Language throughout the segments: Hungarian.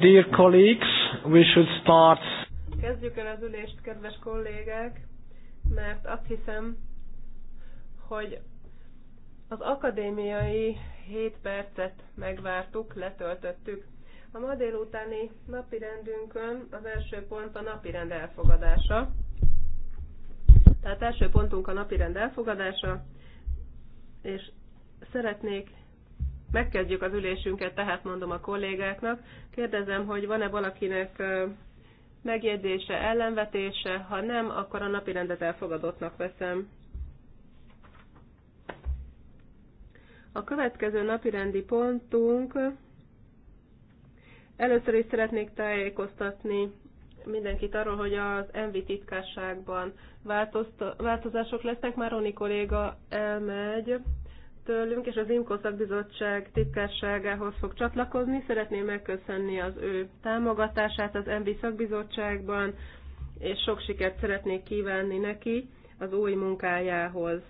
dear colleagues, we should start. Kezdjük el az ülést, kedves kollégák, mert azt hiszem, hogy az akadémiai 7 percet megvártuk, letöltöttük. A ma délutáni rendünkön az első pont a napi rend elfogadása. Tehát első pontunk a napi rend elfogadása, és szeretnék Megkezdjük az ülésünket, tehát mondom a kollégáknak. Kérdezem, hogy van-e valakinek megjegyzése, ellenvetése, ha nem, akkor a napi rendet elfogadottnak veszem. A következő napi rendi pontunk először is szeretnék tájékoztatni mindenkit arról, hogy az MV titkárságban változások lesznek. Már Roni kolléga elmegy, tőlünk, és az IMKO szakbizottság titkárságához fog csatlakozni. Szeretném megköszönni az ő támogatását az MB szakbizottságban, és sok sikert szeretnék kívánni neki az új munkájához.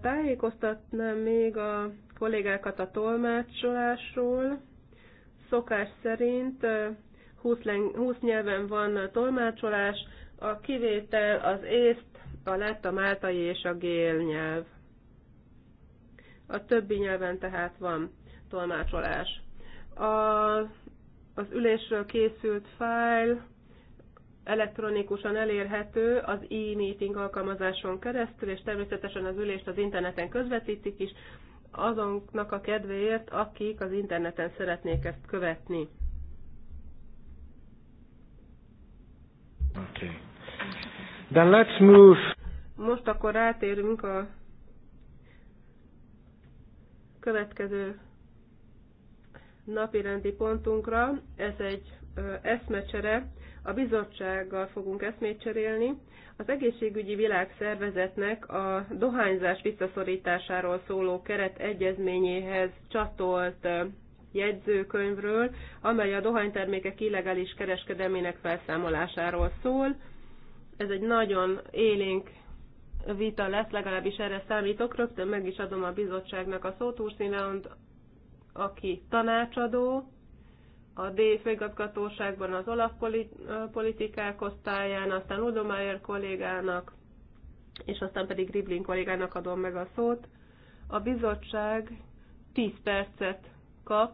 Tájékoztatnám még a kollégákat a tolmácsolásról. Szokás szerint 20, 20 nyelven van tolmácsolás, a kivétel az észt, a lett, a máltai és a gél nyelv. A többi nyelven tehát van tolmácsolás. A, az ülésről készült fájl elektronikusan elérhető az e-meeting alkalmazáson keresztül, és természetesen az ülést az interneten közvetítik is, azoknak a kedvéért, akik az interneten szeretnék ezt követni. Okay. Then let's move. Most akkor rátérünk a következő napirendi pontunkra. Ez egy eszmecsere. A bizottsággal fogunk eszmét cserélni. Az egészségügyi világszervezetnek a dohányzás visszaszorításáról szóló keret egyezményéhez csatolt jegyzőkönyvről, amely a dohánytermékek illegális kereskedelmének felszámolásáról szól ez egy nagyon élénk vita lesz, legalábbis erre számítok. Rögtön meg is adom a bizottságnak a szót, Urszilánd, aki tanácsadó, a D főigazgatóságban az Olaf politikák osztályán, aztán Udomájer kollégának, és aztán pedig Riblin kollégának adom meg a szót. A bizottság 10 percet kap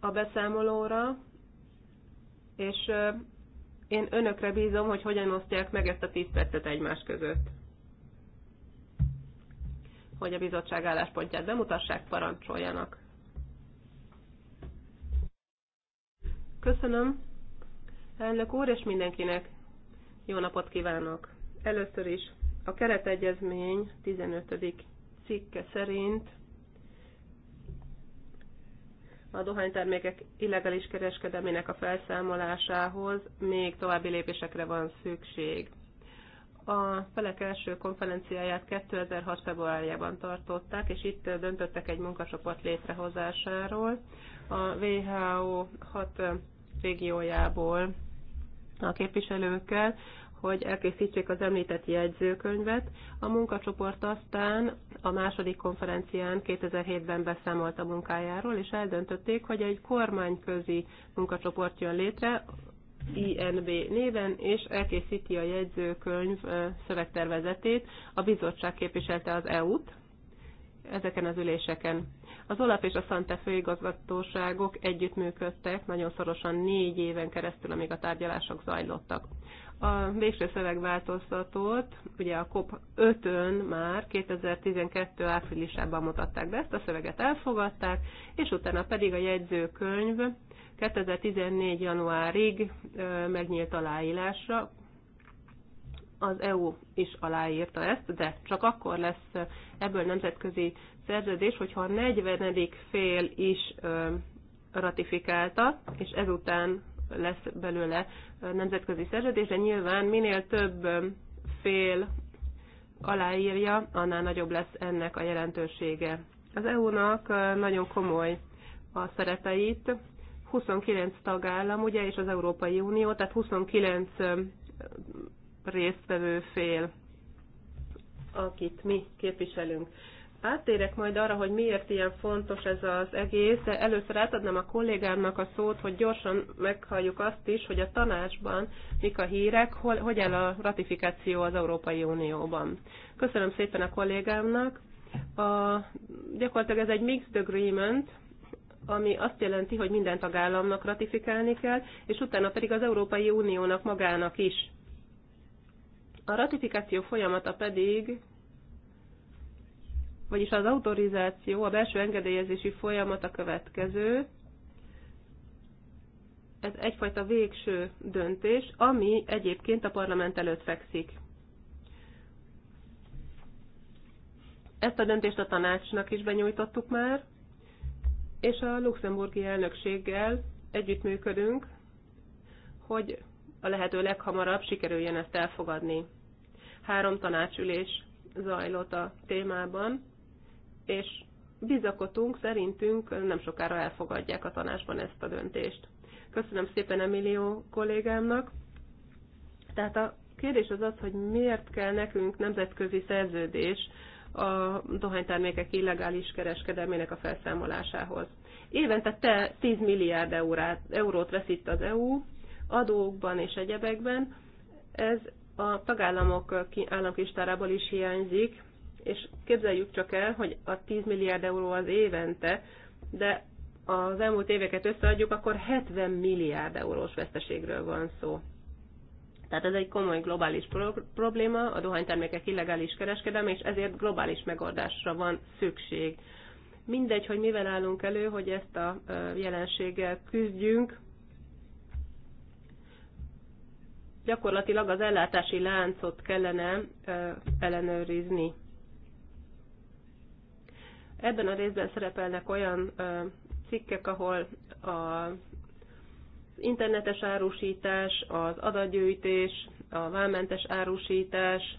a beszámolóra, és én önökre bízom, hogy hogyan osztják meg ezt a 10 percet egymás között. Hogy a bizottság álláspontját bemutassák, parancsoljanak. Köszönöm, elnök úr, és mindenkinek jó napot kívánok! Először is a keretegyezmény 15. cikke szerint a dohánytermékek illegális kereskedelmének a felszámolásához még további lépésekre van szükség. A felek első konferenciáját 2006. februárjában tartották, és itt döntöttek egy munkacsoport létrehozásáról. A WHO hat régiójából a képviselőkkel, hogy elkészítsék az említett jegyzőkönyvet. A munkacsoport aztán a második konferencián 2007-ben beszámolt a munkájáról, és eldöntötték, hogy egy kormányközi munkacsoport jön létre, INB néven, és elkészíti a jegyzőkönyv szövegtervezetét. A bizottság képviselte az EU-t ezeken az üléseken. Az OLAP és a Szante főigazgatóságok együttműködtek nagyon szorosan négy éven keresztül, amíg a tárgyalások zajlottak. A végső szövegváltoztatót ugye a COP5-ön már 2012 áprilisában mutatták be, ezt a szöveget elfogadták, és utána pedig a jegyzőkönyv 2014. januárig megnyílt aláírásra, az EU is aláírta ezt, de csak akkor lesz ebből nemzetközi szerződés, hogyha a 40. fél is ratifikálta, és ezután lesz belőle nemzetközi szerződés, de nyilván minél több fél aláírja, annál nagyobb lesz ennek a jelentősége. Az EU-nak nagyon komoly a szerepeit, 29 tagállam, ugye, és az Európai Unió, tehát 29 résztvevő fél, akit mi képviselünk. Áttérek majd arra, hogy miért ilyen fontos ez az egész, de először átadnám a kollégámnak a szót, hogy gyorsan meghalljuk azt is, hogy a tanácsban mik a hírek, hol, hogy áll a ratifikáció az Európai Unióban. Köszönöm szépen a kollégámnak. A, gyakorlatilag ez egy mixed agreement, ami azt jelenti, hogy minden tagállamnak ratifikálni kell, és utána pedig az Európai Uniónak magának is a ratifikáció folyamata pedig, vagyis az autorizáció, a belső engedélyezési folyamata következő, ez egyfajta végső döntés, ami egyébként a parlament előtt fekszik. Ezt a döntést a tanácsnak is benyújtottuk már, és a luxemburgi elnökséggel együttműködünk, hogy a lehető leghamarabb sikerüljen ezt elfogadni. Három tanácsülés zajlott a témában, és bizakotunk, szerintünk nem sokára elfogadják a tanácsban ezt a döntést. Köszönöm szépen Emilio kollégámnak. Tehát a kérdés az az, hogy miért kell nekünk nemzetközi szerződés a dohánytermékek illegális kereskedelmének a felszámolásához. Évente te 10 milliárd eurát, eurót veszít az EU adókban és egyebekben. Ez a tagállamok államkistárából is hiányzik, és képzeljük csak el, hogy a 10 milliárd euró az évente, de az elmúlt éveket összeadjuk, akkor 70 milliárd eurós veszteségről van szó. Tehát ez egy komoly globális probléma, a dohánytermékek illegális kereskedelme, és ezért globális megoldásra van szükség. Mindegy, hogy mivel állunk elő, hogy ezt a jelenséggel küzdjünk, gyakorlatilag az ellátási láncot kellene ellenőrizni. Ebben a részben szerepelnek olyan cikkek, ahol a internetes árusítás, az adatgyűjtés, a vámmentes árusítás,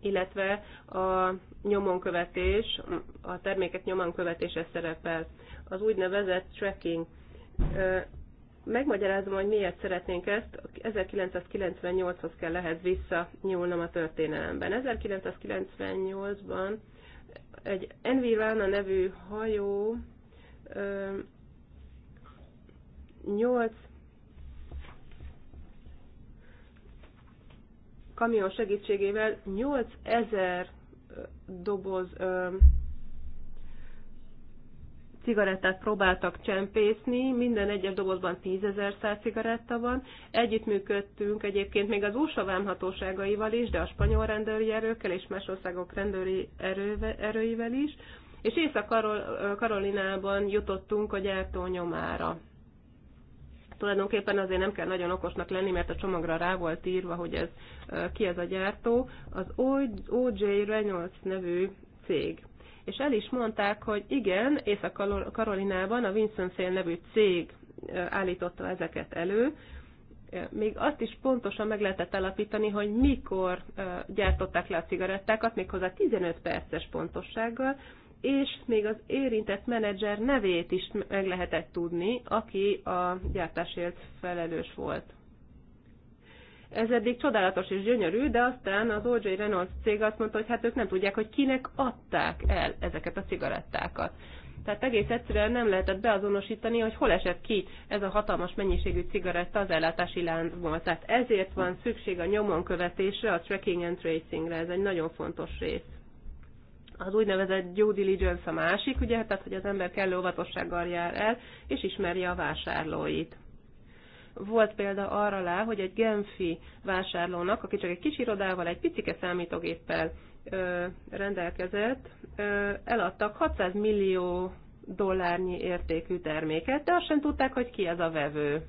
illetve a nyomonkövetés, a termékek nyomonkövetése szerepel. Az úgynevezett tracking Megmagyarázom, hogy miért szeretnénk ezt. 1998-hoz kell ehhez visszanyúlnom a történelemben. 1998-ban egy Envy Rana nevű hajó 8 kamion segítségével 8000 doboz cigarettát próbáltak csempészni, minden egyes dobozban tízezer száz cigaretta van. Együttműködtünk egyébként még az USA vámhatóságaival is, de a spanyol rendőri erőkkel és más országok rendőri erőivel is, és Észak-Karolinában jutottunk a gyártó nyomára. Tulajdonképpen azért nem kell nagyon okosnak lenni, mert a csomagra rá volt írva, hogy ez ki ez a gyártó. Az OJ Reynolds nevű cég és el is mondták, hogy igen, Észak-Karolinában a Winston Sale nevű cég állította ezeket elő, még azt is pontosan meg lehetett alapítani, hogy mikor gyártották le a cigarettákat, méghozzá 15 perces pontossággal, és még az érintett menedzser nevét is meg lehetett tudni, aki a gyártásért felelős volt. Ez eddig csodálatos és gyönyörű, de aztán az O.J. Reynolds cég azt mondta, hogy hát ők nem tudják, hogy kinek adták el ezeket a cigarettákat. Tehát egész egyszerűen nem lehetett beazonosítani, hogy hol esett ki ez a hatalmas mennyiségű cigaretta az ellátási láncból. Tehát ezért van szükség a nyomon követésre, a tracking and tracingre, ez egy nagyon fontos rész. Az úgynevezett due diligence a másik, ugye, tehát hogy az ember kellő óvatossággal jár el, és ismerje a vásárlóit. Volt példa arra lá, hogy egy genfi vásárlónak, aki csak egy kis irodával, egy picike számítógéppel ö, rendelkezett, ö, eladtak 600 millió dollárnyi értékű terméket, de azt sem tudták, hogy ki ez a vevő.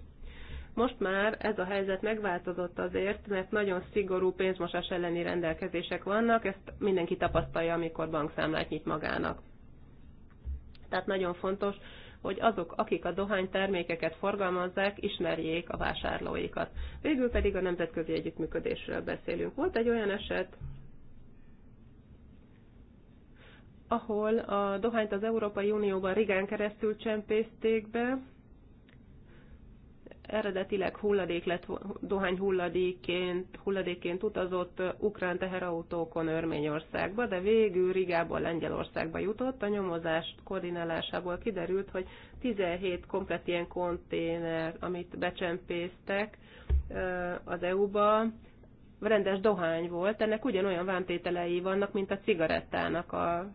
Most már ez a helyzet megváltozott azért, mert nagyon szigorú pénzmosás elleni rendelkezések vannak, ezt mindenki tapasztalja, amikor bankszámlát nyit magának. Tehát nagyon fontos, hogy azok, akik a dohánytermékeket forgalmazzák, ismerjék a vásárlóikat. Végül pedig a nemzetközi együttműködésről beszélünk. Volt egy olyan eset, ahol a dohányt az Európai Unióban Rigán keresztül csempészték be, eredetileg hulladék lett, dohány hulladéként, hulladéként utazott ukrán teherautókon Örményországba, de végül Rigából Lengyelországba jutott. A nyomozás koordinálásából kiderült, hogy 17 komplet ilyen konténer, amit becsempésztek az EU-ba, rendes dohány volt, ennek ugyanolyan vántételei vannak, mint a cigarettának a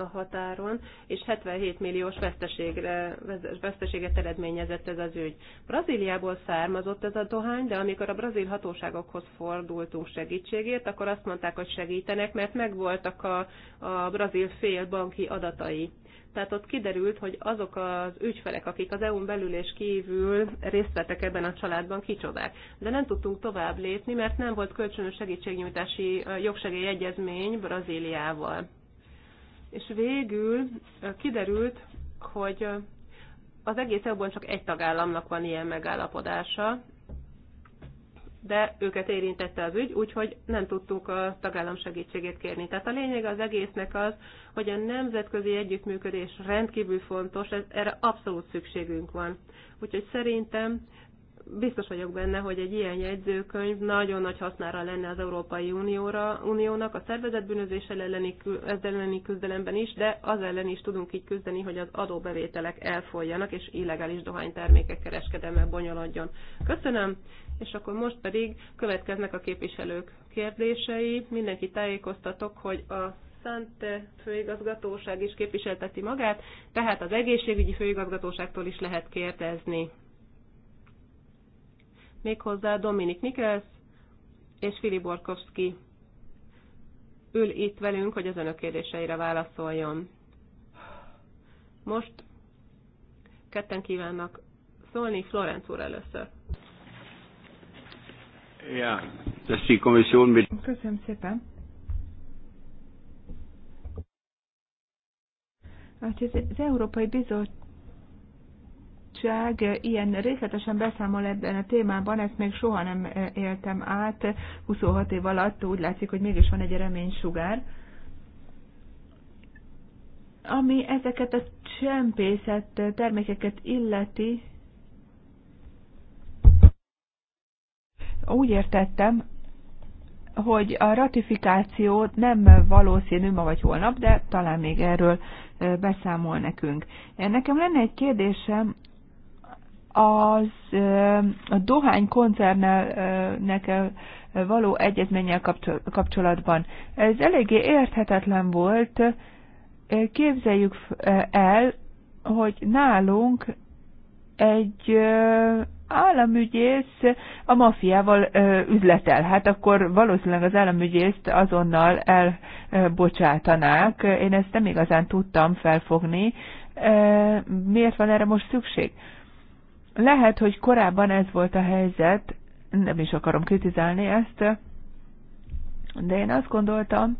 a határon, és 77 milliós veszteségre, veszteséget eredményezett ez az ügy. Brazíliából származott ez a dohány, de amikor a brazil hatóságokhoz fordultunk segítségért, akkor azt mondták, hogy segítenek, mert megvoltak a, a brazil fél banki adatai. Tehát ott kiderült, hogy azok az ügyfelek, akik az EU-n belül és kívül részt vettek ebben a családban, kicsodák. De nem tudtunk tovább lépni, mert nem volt kölcsönös segítségnyújtási jogsegélyegyezmény Brazíliával és végül kiderült, hogy az egész eu csak egy tagállamnak van ilyen megállapodása, de őket érintette az ügy, úgyhogy nem tudtunk a tagállam segítségét kérni. Tehát a lényeg az egésznek az, hogy a nemzetközi együttműködés rendkívül fontos, ez, erre abszolút szükségünk van. Úgyhogy szerintem biztos vagyok benne, hogy egy ilyen jegyzőkönyv nagyon nagy hasznára lenne az Európai Unióra, Uniónak a szervezetbűnözés elleni, ez elleni küzdelemben is, de az ellen is tudunk így küzdeni, hogy az adóbevételek elfolyjanak, és illegális dohánytermékek kereskedelme bonyolodjon. Köszönöm, és akkor most pedig következnek a képviselők kérdései. Mindenki tájékoztatok, hogy a Szante főigazgatóság is képviselteti magát, tehát az egészségügyi főigazgatóságtól is lehet kérdezni méghozzá Dominik Nikelsz és Fili Borkowski ül itt velünk, hogy az önök kérdéseire válaszoljon. Most ketten kívánnak szólni, Florenc úr először. Ja, tessék komisszión. Köszönöm szépen. Hát az Európai Bizottság bizottság ilyen részletesen beszámol ebben a témában, ezt még soha nem eh, éltem át 26 év alatt, úgy látszik, hogy mégis van egy reménysugár. Ami ezeket a csempészet termékeket illeti, úgy értettem, hogy a ratifikáció nem valószínű ma vagy holnap, de talán még erről eh, beszámol nekünk. Nekem lenne egy kérdésem az a dohány koncernnek való egyezménnyel kapcsolatban. Ez eléggé érthetetlen volt. Képzeljük el, hogy nálunk egy államügyész a mafiával üzletel. Hát akkor valószínűleg az államügyészt azonnal elbocsátanák. Én ezt nem igazán tudtam felfogni. Miért van erre most szükség? Lehet, hogy korábban ez volt a helyzet, nem is akarom kritizálni ezt, de én azt gondoltam,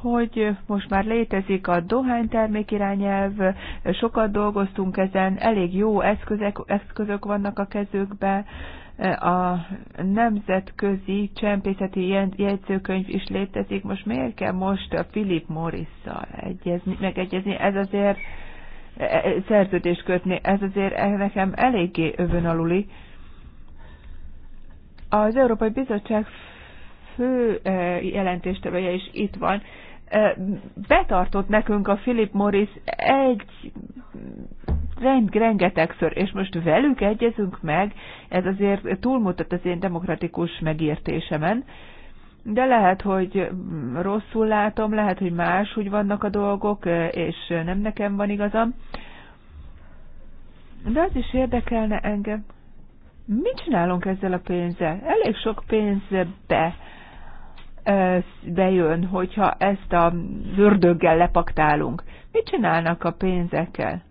hogy most már létezik a dohánytermék irányelv, sokat dolgoztunk ezen, elég jó eszközök, eszközök vannak a kezükbe, a nemzetközi csempészeti jegyzőkönyv is létezik, most miért kell most a Philip Morris-szal egyezni, megegyezni? Ez azért E, e, szerződést kötni. Ez azért e, nekem eléggé aluli. Az Európai Bizottság fő jelentéstevője is itt van. Betartott nekünk a Philip Morris egy rend rengetegször, és most velük egyezünk meg, ez azért túlmutat az én demokratikus megértésemen de lehet, hogy rosszul látom, lehet, hogy más úgy vannak a dolgok, és nem nekem van igazam. De az is érdekelne engem. Mit csinálunk ezzel a pénzzel? Elég sok pénzbe bejön, hogyha ezt a ördöggel lepaktálunk. Mit csinálnak a pénzekkel?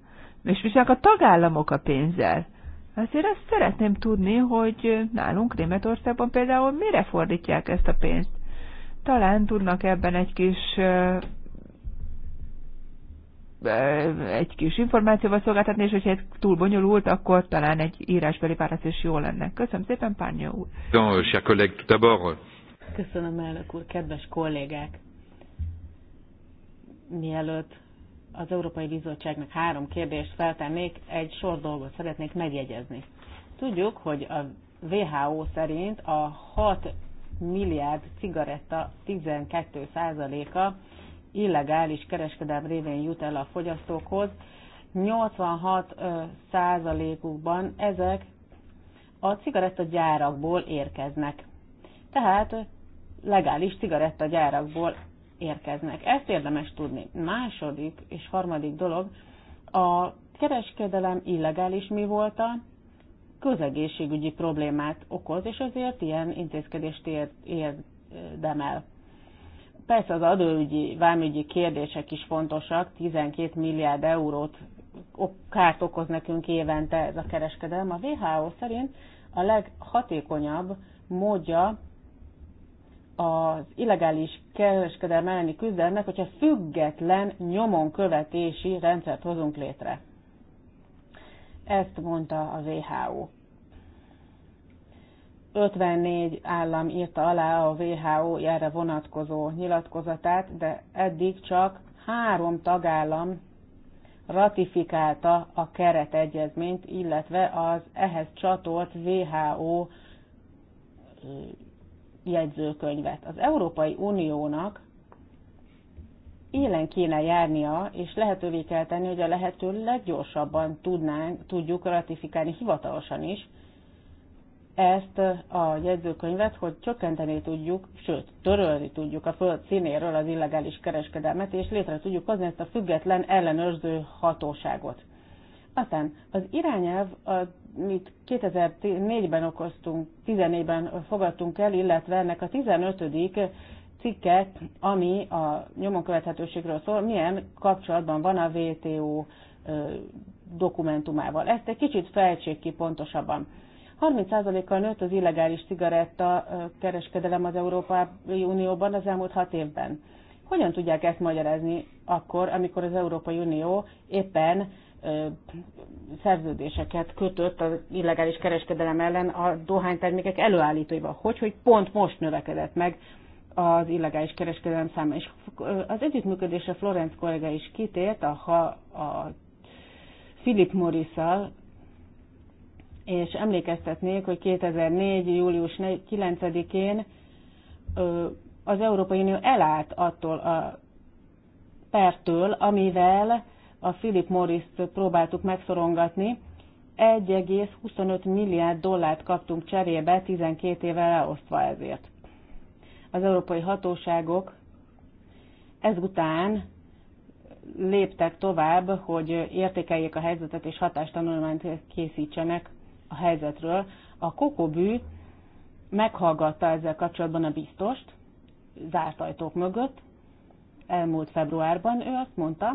És viselnek a tagállamok a pénzzel? Azért azt szeretném tudni, hogy nálunk Németországban például mire fordítják ezt a pénzt. Talán tudnak ebben egy kis egy kis információval szolgáltatni, és hogyha ez túl bonyolult, akkor talán egy írásbeli válasz is jó lenne. Köszönöm szépen, Párnya úr. Euh, Köszönöm, elnök úr, kedves kollégák! Mielőtt az Európai Bizottságnak három kérdést feltennék, egy sor dolgot szeretnék megjegyezni. Tudjuk, hogy a WHO szerint a 6 milliárd cigaretta 12%-a illegális kereskedelm révén jut el a fogyasztókhoz. 86%-ukban ezek a cigarettagyárakból érkeznek. Tehát legális cigarettagyárakból érkeznek. Ezt érdemes tudni. Második és harmadik dolog, a kereskedelem illegális mi volt a közegészségügyi problémát okoz, és ezért ilyen intézkedést érdemel. Persze az adóügyi, vámügyi kérdések is fontosak, 12 milliárd eurót kárt okoz nekünk évente ez a kereskedelem. A WHO szerint a leghatékonyabb módja az illegális kereskedelem elleni küzdelmek hogyha független nyomon követési rendszert hozunk létre. Ezt mondta a WHO. 54 állam írta alá a WHO erre vonatkozó nyilatkozatát, de eddig csak három tagállam ratifikálta a keretegyezményt, illetve az ehhez csatolt WHO jegyzőkönyvet. Az Európai Uniónak élen kéne járnia, és lehetővé kell tenni, hogy a lehető leggyorsabban tudnánk, tudjuk ratifikálni hivatalosan is ezt a jegyzőkönyvet, hogy csökkenteni tudjuk, sőt, törölni tudjuk a föld színéről az illegális kereskedelmet, és létre tudjuk hozni ezt a független ellenőrző hatóságot. Aztán az irányelv a mi 2004-ben okoztunk, 14-ben fogadtunk el, illetve ennek a 15 cikke, ami a nyomon követhetőségről szól, milyen kapcsolatban van a WTO dokumentumával. Ezt egy kicsit fejtsék ki pontosabban. 30%-kal nőtt az illegális cigaretta kereskedelem az Európai Unióban az elmúlt 6 évben. Hogyan tudják ezt magyarázni akkor, amikor az Európai Unió éppen szerződéseket kötött az illegális kereskedelem ellen a dohánytermékek előállítóival. Hogy, hogy pont most növekedett meg az illegális kereskedelem száma. És az együttműködésre Florence kollega is kitért, a, ha a Philip morris és emlékeztetnék, hogy 2004. július 9-én az Európai Unió elállt attól a pertől, amivel a Philip Morris-t próbáltuk megszorongatni, 1,25 milliárd dollárt kaptunk cserébe 12 évvel elosztva ezért. Az európai hatóságok ezután léptek tovább, hogy értékeljék a helyzetet és hatástanulmányt készítsenek a helyzetről. A kokobű meghallgatta ezzel kapcsolatban a biztost, zárt ajtók mögött, elmúlt februárban ő azt mondta,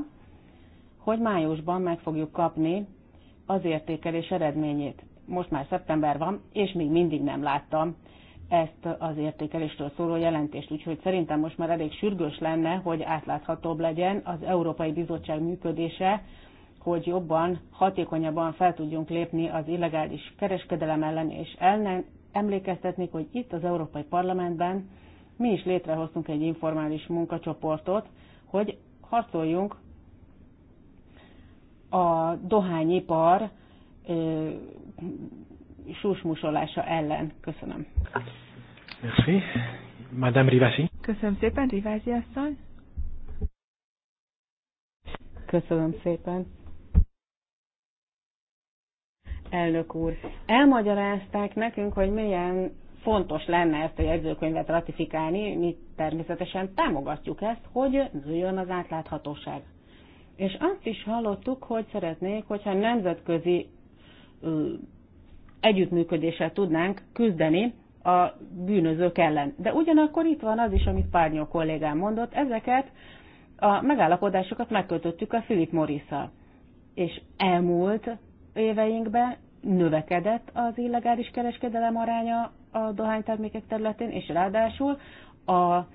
hogy májusban meg fogjuk kapni az értékelés eredményét. Most már szeptember van, és még mindig nem láttam ezt az értékelésről szóló jelentést. Úgyhogy szerintem most már elég sürgős lenne, hogy átláthatóbb legyen az Európai Bizottság működése, hogy jobban, hatékonyabban fel tudjunk lépni az illegális kereskedelem ellen, és ellen emlékeztetnék, hogy itt az Európai Parlamentben mi is létrehoztunk egy informális munkacsoportot, hogy harcoljunk a dohányipar susmusolása ellen. Köszönöm. Merci. Madame Rivasi. Köszönöm szépen, Rivasi asszony. Köszönöm szépen. Elnök úr, elmagyarázták nekünk, hogy milyen fontos lenne ezt a jegyzőkönyvet ratifikálni, mi természetesen támogatjuk ezt, hogy nőjön az átláthatóság. És azt is hallottuk, hogy szeretnék, hogyha nemzetközi együttműködéssel tudnánk küzdeni a bűnözők ellen. De ugyanakkor itt van az is, amit Párnyó kollégám mondott, ezeket a megállapodásokat megkötöttük a Philip morris És elmúlt éveinkben növekedett az illegális kereskedelem aránya a dohánytermékek területén, és ráadásul a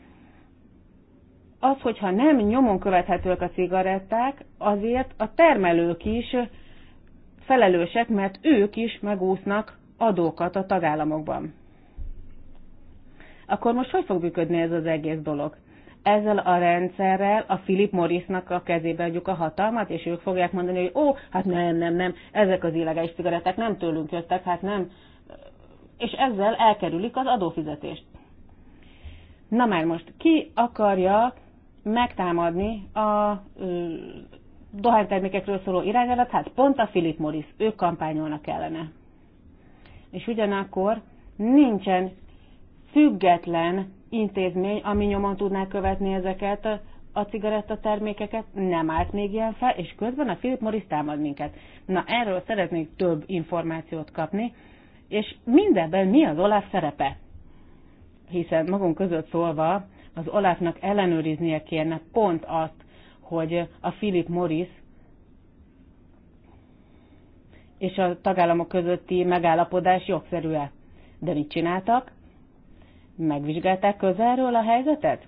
az, hogyha nem nyomon követhetőek a cigaretták, azért a termelők is felelősek, mert ők is megúsznak adókat a tagállamokban. Akkor most hogy fog működni ez az egész dolog? Ezzel a rendszerrel a Philip Morrisnak a kezébe adjuk a hatalmat, és ők fogják mondani, hogy ó, hát nem, nem, nem, ezek az illegális cigaretták nem tőlünk jöttek, hát nem. És ezzel elkerülik az adófizetést. Na már most, ki akarja megtámadni a dohánytermékekről szóló irányelvet, hát pont a Philip Morris, ők kampányolnak ellene. És ugyanakkor nincsen független intézmény, ami nyomon tudná követni ezeket a cigarettatermékeket, nem állt még ilyen fel, és közben a Philip Morris támad minket. Na erről szeretnék több információt kapni, és mindenben mi az Olaf szerepe? Hiszen magunk között szólva az Olafnak ellenőriznie kérne pont azt, hogy a Philip Morris és a tagállamok közötti megállapodás jogszerű-e. De mit csináltak? Megvizsgálták közelről a helyzetet?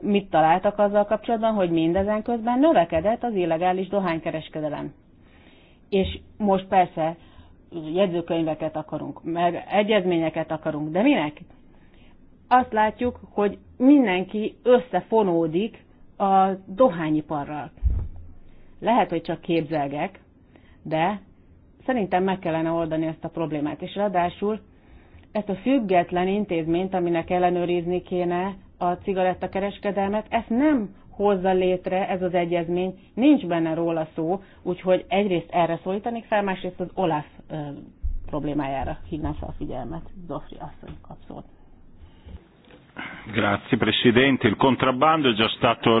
Mit találtak azzal kapcsolatban, hogy mindezen közben növekedett az illegális dohánykereskedelem? És most persze jegyzőkönyveket akarunk, meg egyezményeket akarunk, de minek? azt látjuk, hogy mindenki összefonódik a dohányiparral. Lehet, hogy csak képzelgek, de szerintem meg kellene oldani ezt a problémát. És ráadásul ezt a független intézményt, aminek ellenőrizni kéne a cigarettakereskedelmet, ezt nem hozza létre ez az egyezmény, nincs benne róla szó, úgyhogy egyrészt erre szólítanék fel, másrészt az Olaf problémájára hívnám fel a figyelmet. Zofri asszony kapszolt. Grazie Presidente, il contrabbando è già stato...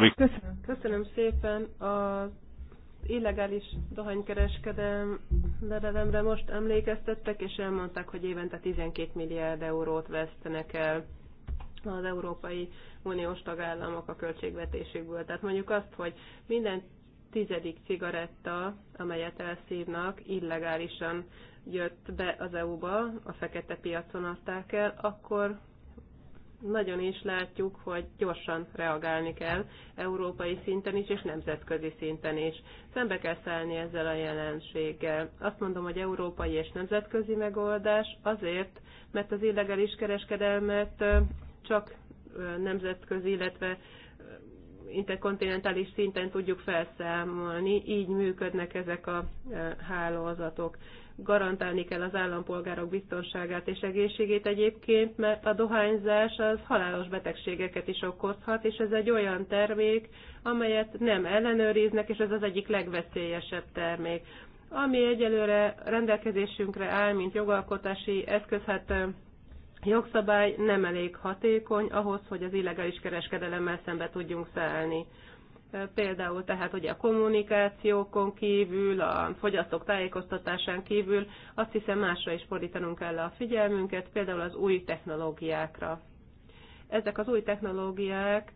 Köszönöm, szépen az illegális dohánykereskedelemre most emlékeztettek, és elmondták, hogy évente 12 milliárd eurót vesztenek el az Európai Uniós tagállamok a költségvetésükből. Tehát mondjuk azt, hogy minden tizedik cigaretta, amelyet elszívnak, illegálisan jött be az EU-ba, a fekete piacon adták el, akkor nagyon is látjuk, hogy gyorsan reagálni kell európai szinten is, és nemzetközi szinten is. Szembe kell szállni ezzel a jelenséggel. Azt mondom, hogy európai és nemzetközi megoldás azért, mert az illegális kereskedelmet csak nemzetközi, illetve interkontinentális szinten tudjuk felszámolni, így működnek ezek a e, hálózatok. Garantálni kell az állampolgárok biztonságát és egészségét egyébként, mert a dohányzás az halálos betegségeket is okozhat, és ez egy olyan termék, amelyet nem ellenőriznek, és ez az egyik legveszélyesebb termék. Ami egyelőre rendelkezésünkre áll, mint jogalkotási eszköz, hát e, jogszabály nem elég hatékony ahhoz, hogy az illegális kereskedelemmel szembe tudjunk szállni. Például tehát ugye a kommunikációkon kívül, a fogyasztók tájékoztatásán kívül azt hiszem másra is fordítanunk kell a figyelmünket, például az új technológiákra. Ezek az új technológiák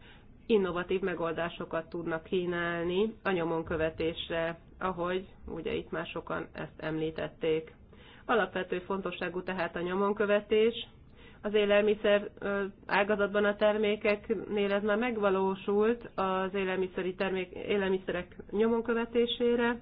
innovatív megoldásokat tudnak kínálni a nyomon követésre, ahogy ugye itt másokan ezt említették. Alapvető fontosságú tehát a nyomonkövetés, az élelmiszer ágazatban a termékeknél ez már megvalósult az élelmiszeri termék, élelmiszerek nyomon követésére,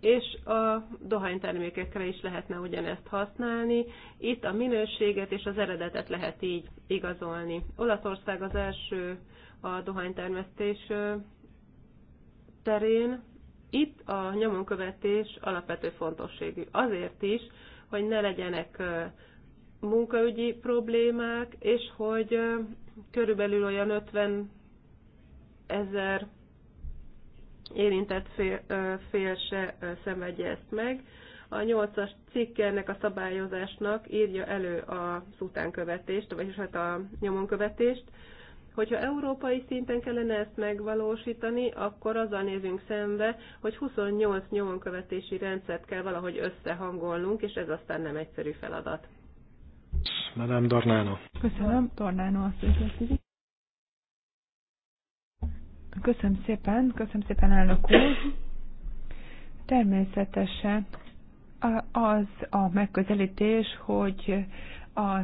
és a dohánytermékekre is lehetne ugyanezt használni. Itt a minőséget és az eredetet lehet így igazolni. Olaszország az első a dohánytermesztés terén. Itt a nyomonkövetés alapvető fontosságú. Azért is, hogy ne legyenek munkaügyi problémák, és hogy körülbelül olyan 50 ezer érintett fél, fél se szenvedje ezt meg. A nyolcas as ennek a szabályozásnak írja elő az utánkövetést, vagyis hát a nyomonkövetést. Hogyha európai szinten kellene ezt megvalósítani, akkor azzal nézünk szembe, hogy 28 nyomonkövetési rendszert kell valahogy összehangolnunk, és ez aztán nem egyszerű feladat. Madame Dornano. Köszönöm, Dornano asszony Köszönöm szépen, köszönöm szépen, elnök úr. Természetesen az a megközelítés, hogy a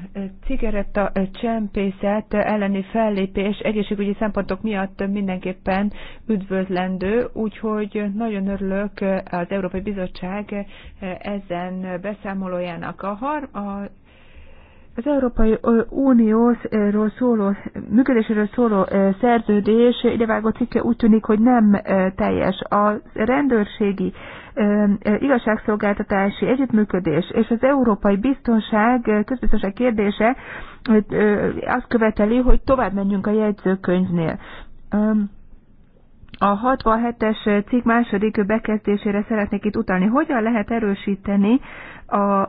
cigaretta csempészet elleni fellépés egészségügyi szempontok miatt mindenképpen üdvözlendő, úgyhogy nagyon örülök az Európai Bizottság ezen beszámolójának. A, har- a az Európai Unióról szóló, működéséről szóló szerződés idevágó cikke úgy tűnik, hogy nem teljes. A rendőrségi igazságszolgáltatási együttműködés és az európai biztonság, közbiztonság kérdése azt követeli, hogy tovább menjünk a jegyzőkönyvnél. A 67-es cikk második bekezdésére szeretnék itt utalni. Hogyan lehet erősíteni a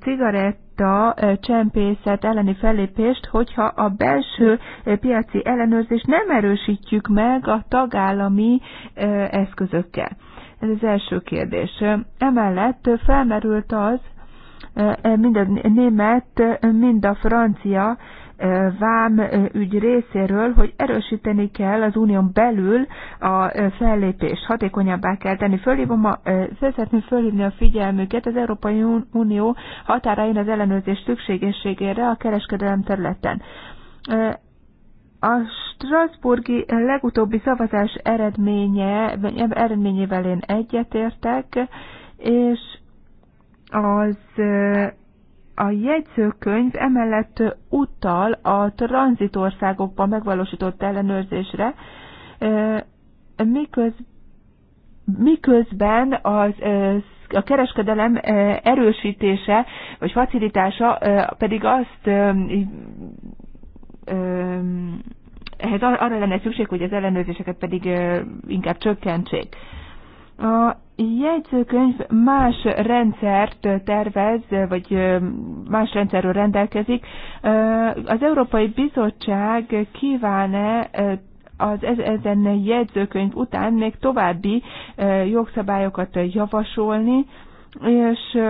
cigarett fajta csempészet elleni fellépést, hogyha a belső piaci ellenőrzést nem erősítjük meg a tagállami eszközökkel. Ez az első kérdés. Emellett felmerült az, mind a német, mind a francia vám ügy részéről, hogy erősíteni kell az unión belül a fellépést, hatékonyabbá kell tenni. Fölhívom a, szeretném fölhívni a figyelmüket az Európai Unió határain az ellenőrzés szükségességére a kereskedelem területen. A Strasburgi legutóbbi szavazás eredménye, eredményével én egyetértek, és az a jegyzőkönyv emellett utal a tranzitországokban megvalósított ellenőrzésre, miköz, miközben az, a kereskedelem erősítése vagy facilitása pedig azt ehhez arra lenne szükség, hogy az ellenőrzéseket pedig inkább csökkentsék. A jegyzőkönyv más rendszert tervez, vagy más rendszerről rendelkezik. Az Európai Bizottság kíván-e az ezen jegyzőkönyv után még további jogszabályokat javasolni, és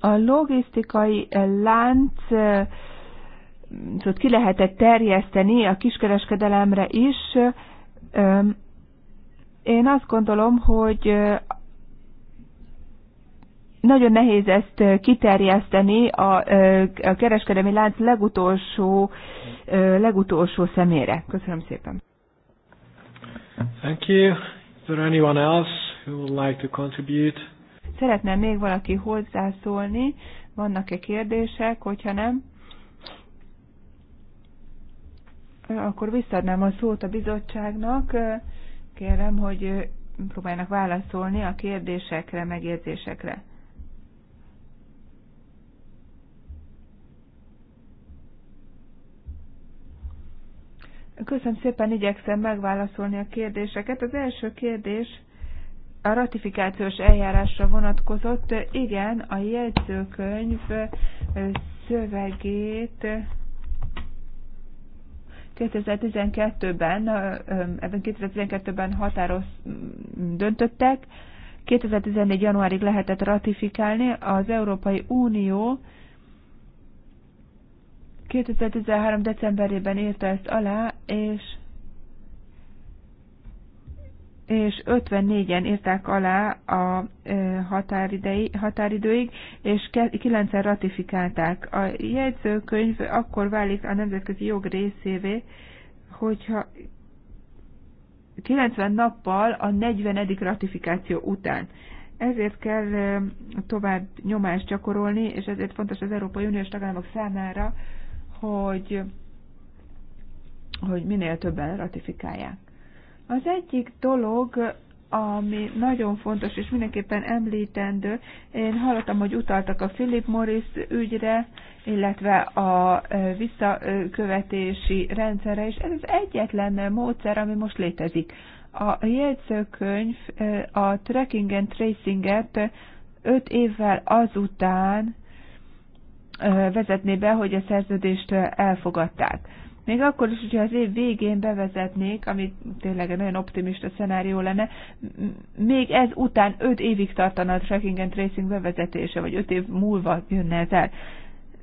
a logisztikai lánc szóval ki lehetett terjeszteni a kiskereskedelemre is, én azt gondolom, hogy nagyon nehéz ezt kiterjeszteni a, a kereskedelmi lánc legutolsó, legutolsó szemére. Köszönöm szépen. Thank you. Is there anyone else who would like to contribute? Szeretne még valaki hozzászólni? Vannak-e kérdések? Hogyha nem, akkor visszadnám a szót a bizottságnak kérem, hogy próbálnak válaszolni a kérdésekre, megjegyzésekre. Köszönöm szépen, igyekszem megválaszolni a kérdéseket. Az első kérdés a ratifikációs eljárásra vonatkozott. Igen, a jegyzőkönyv szövegét 2012-ben, ebben 2012-ben határoz döntöttek, 2014. januárig lehetett ratifikálni, az Európai Unió 2013. decemberében írta ezt alá, és és 54-en írták alá a határidei, határidőig, és 9-en ratifikálták. A jegyzőkönyv akkor válik a nemzetközi jog részévé, hogyha 90 nappal a 40. ratifikáció után. Ezért kell tovább nyomást gyakorolni, és ezért fontos az Európai Uniós tagállamok számára, hogy, hogy minél többen ratifikálják. Az egyik dolog, ami nagyon fontos és mindenképpen említendő, én hallottam, hogy utaltak a Philip Morris ügyre, illetve a visszakövetési rendszerre, és ez az egyetlen módszer, ami most létezik. A jegyzőkönyv a tracking and tracing-et öt évvel azután vezetné be, hogy a szerződést elfogadták. Még akkor is, hogyha az év végén bevezetnék, ami tényleg egy nagyon optimista szenárió lenne, még ez után 5 évig tartana a tracking and tracing bevezetése, vagy 5 év múlva jönne ez el.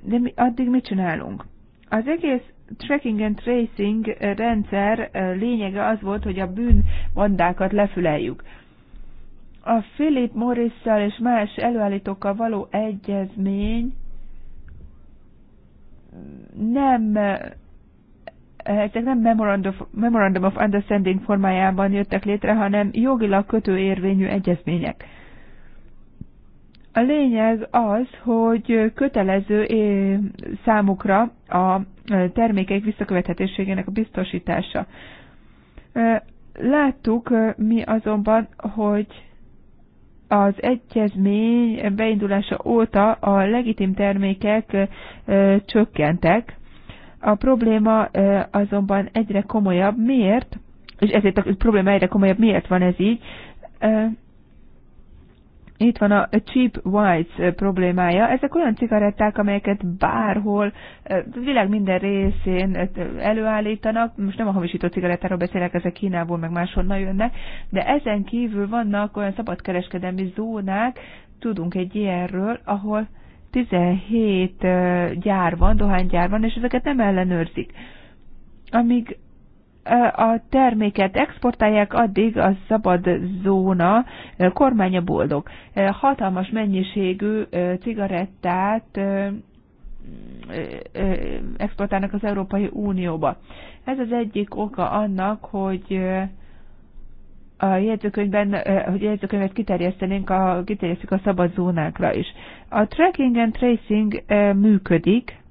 De mi, addig mit csinálunk? Az egész tracking and tracing rendszer lényege az volt, hogy a bűn bandákat lefüleljük. A Philip Morrisszal és más előállítókkal való egyezmény nem ezek nem memorandum, memorandum of understanding formájában jöttek létre, hanem jogilag kötőérvényű egyezmények. A lényeg az, hogy kötelező számukra a e, termékeik visszakövethetőségének a biztosítása. E, láttuk e, mi azonban, hogy az egyezmény beindulása óta a legitim termékek csökkentek, a probléma azonban egyre komolyabb. Miért? És ezért a probléma egyre komolyabb. Miért van ez így? Itt van a cheap whites problémája. Ezek olyan cigaretták, amelyeket bárhol, világ minden részén előállítanak. Most nem a hamisított cigarettáról beszélek, ezek Kínából meg máshonnan jönnek, de ezen kívül vannak olyan szabadkereskedelmi zónák, tudunk egy ilyenről, ahol 17 gyár van, dohánygyár van, és ezeket nem ellenőrzik. Amíg a terméket exportálják, addig a szabad zóna kormánya boldog. Hatalmas mennyiségű cigarettát exportálnak az Európai Unióba. Ez az egyik oka annak, hogy a jegyzőkönyvben, hogy a jegyzőkönyvet kiterjesztenénk, a, kiterjesztjük a szabad zónákra is. A tracking and tracing működik,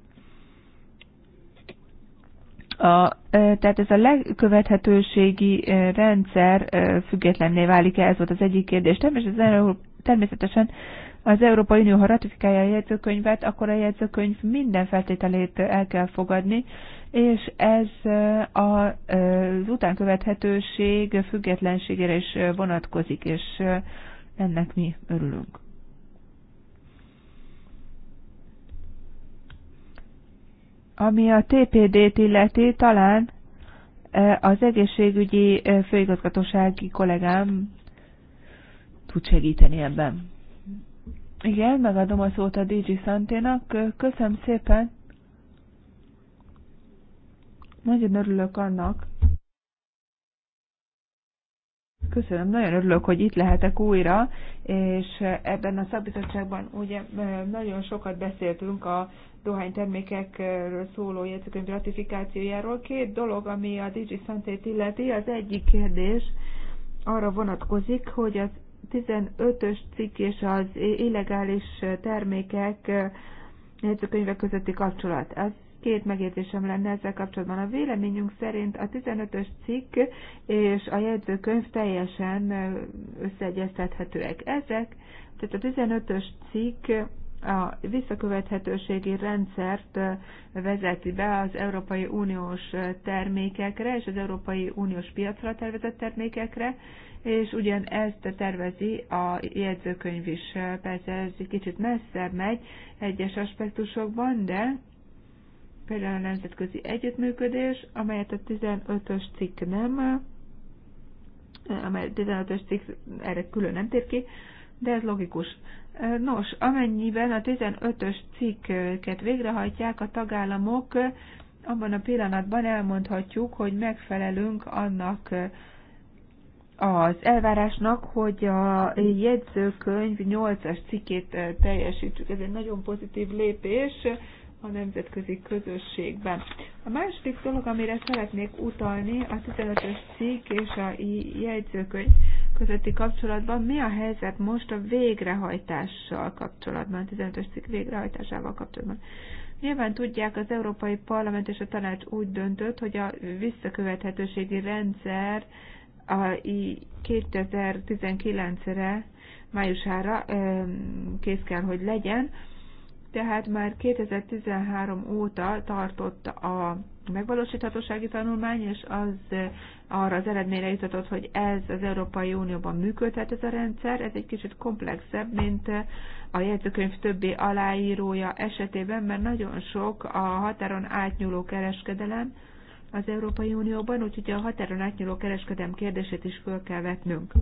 a, tehát ez a lekövethetőségi rendszer függetlenné válik-e? Ez volt az egyik kérdés. Természetesen, természetesen az Európai Unió, ha ratifikálja a jegyzőkönyvet, akkor a jegyzőkönyv minden feltételét el kell fogadni, és ez eh, eh, az utánkövethetőség függetlenségére is eh, vonatkozik, és ennek mi örülünk. Ami a TPD-t illeti, talán az egészségügyi főigazgatósági kollégám tud segíteni ebben. Igen, megadom a szót a DG Santénak. Köszönöm szépen. Nagyon örülök annak. Köszönöm, nagyon örülök, hogy itt lehetek újra, és ebben a szakbizottságban ugye nagyon sokat beszéltünk a termékekről szóló jegyzőkönyv ratifikációjáról. Két dolog, ami a Digi Szentét illeti, az egyik kérdés arra vonatkozik, hogy az 15-ös cikk és az illegális termékek jegyzőkönyvek közötti kapcsolat. Ez Két megértésem lenne ezzel kapcsolatban. A véleményünk szerint a 15-ös cikk és a jegyzőkönyv teljesen összeegyeztethetőek. Ezek, tehát a 15-ös cikk a visszakövethetőségi rendszert vezeti be az Európai Uniós termékekre és az Európai Uniós piacra tervezett termékekre, és ugyan ezt tervezi a jegyzőkönyv is. Persze ez egy kicsit messzebb megy egyes aspektusokban, de például a nemzetközi együttműködés, amelyet a 15-ös cikk nem, amely 15-ös cikk erre külön nem tér ki, de ez logikus. Nos, amennyiben a 15-ös cikket végrehajtják a tagállamok, abban a pillanatban elmondhatjuk, hogy megfelelünk annak az elvárásnak, hogy a jegyzőkönyv 8-as cikkét teljesítsük. Ez egy nagyon pozitív lépés, a nemzetközi közösségben. A második dolog, amire szeretnék utalni, a 15-ös cikk és a jegyzőkönyv közötti kapcsolatban, mi a helyzet most a végrehajtással kapcsolatban, a 15-ös cikk végrehajtásával kapcsolatban. Nyilván tudják, az Európai Parlament és a Tanács úgy döntött, hogy a visszakövethetőségi rendszer a 2019-re, májusára kész kell, hogy legyen, tehát már 2013 óta tartott a megvalósíthatósági tanulmány, és az eh, arra az eredményre jutott, hogy ez az Európai Unióban működhet ez a rendszer, ez egy kicsit komplexebb, mint eh, a jegyzőkönyv többi aláírója esetében, mert nagyon sok a határon átnyúló kereskedelem az Európai Unióban, úgyhogy a határon átnyúló kereskedelem kérdését is föl kell vetnünk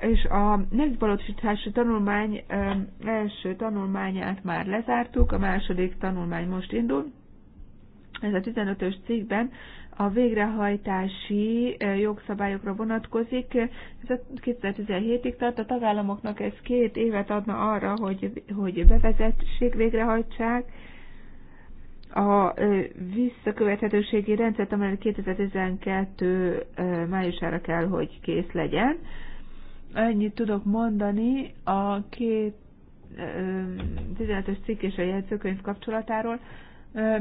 és a nemzetbalotosítási tanulmány első tanulmányát már lezártuk, a második tanulmány most indul. Ez a 15-ös cikkben a végrehajtási jogszabályokra vonatkozik. Ez a 2017-ig tart, a tagállamoknak ez két évet adna arra, hogy, hogy bevezetség végrehajtsák. A visszakövethetőségi rendszert amely 2012 májusára kell, hogy kész legyen. Ennyit tudok mondani a két 15-ös cikk és a jegyzőkönyv kapcsolatáról.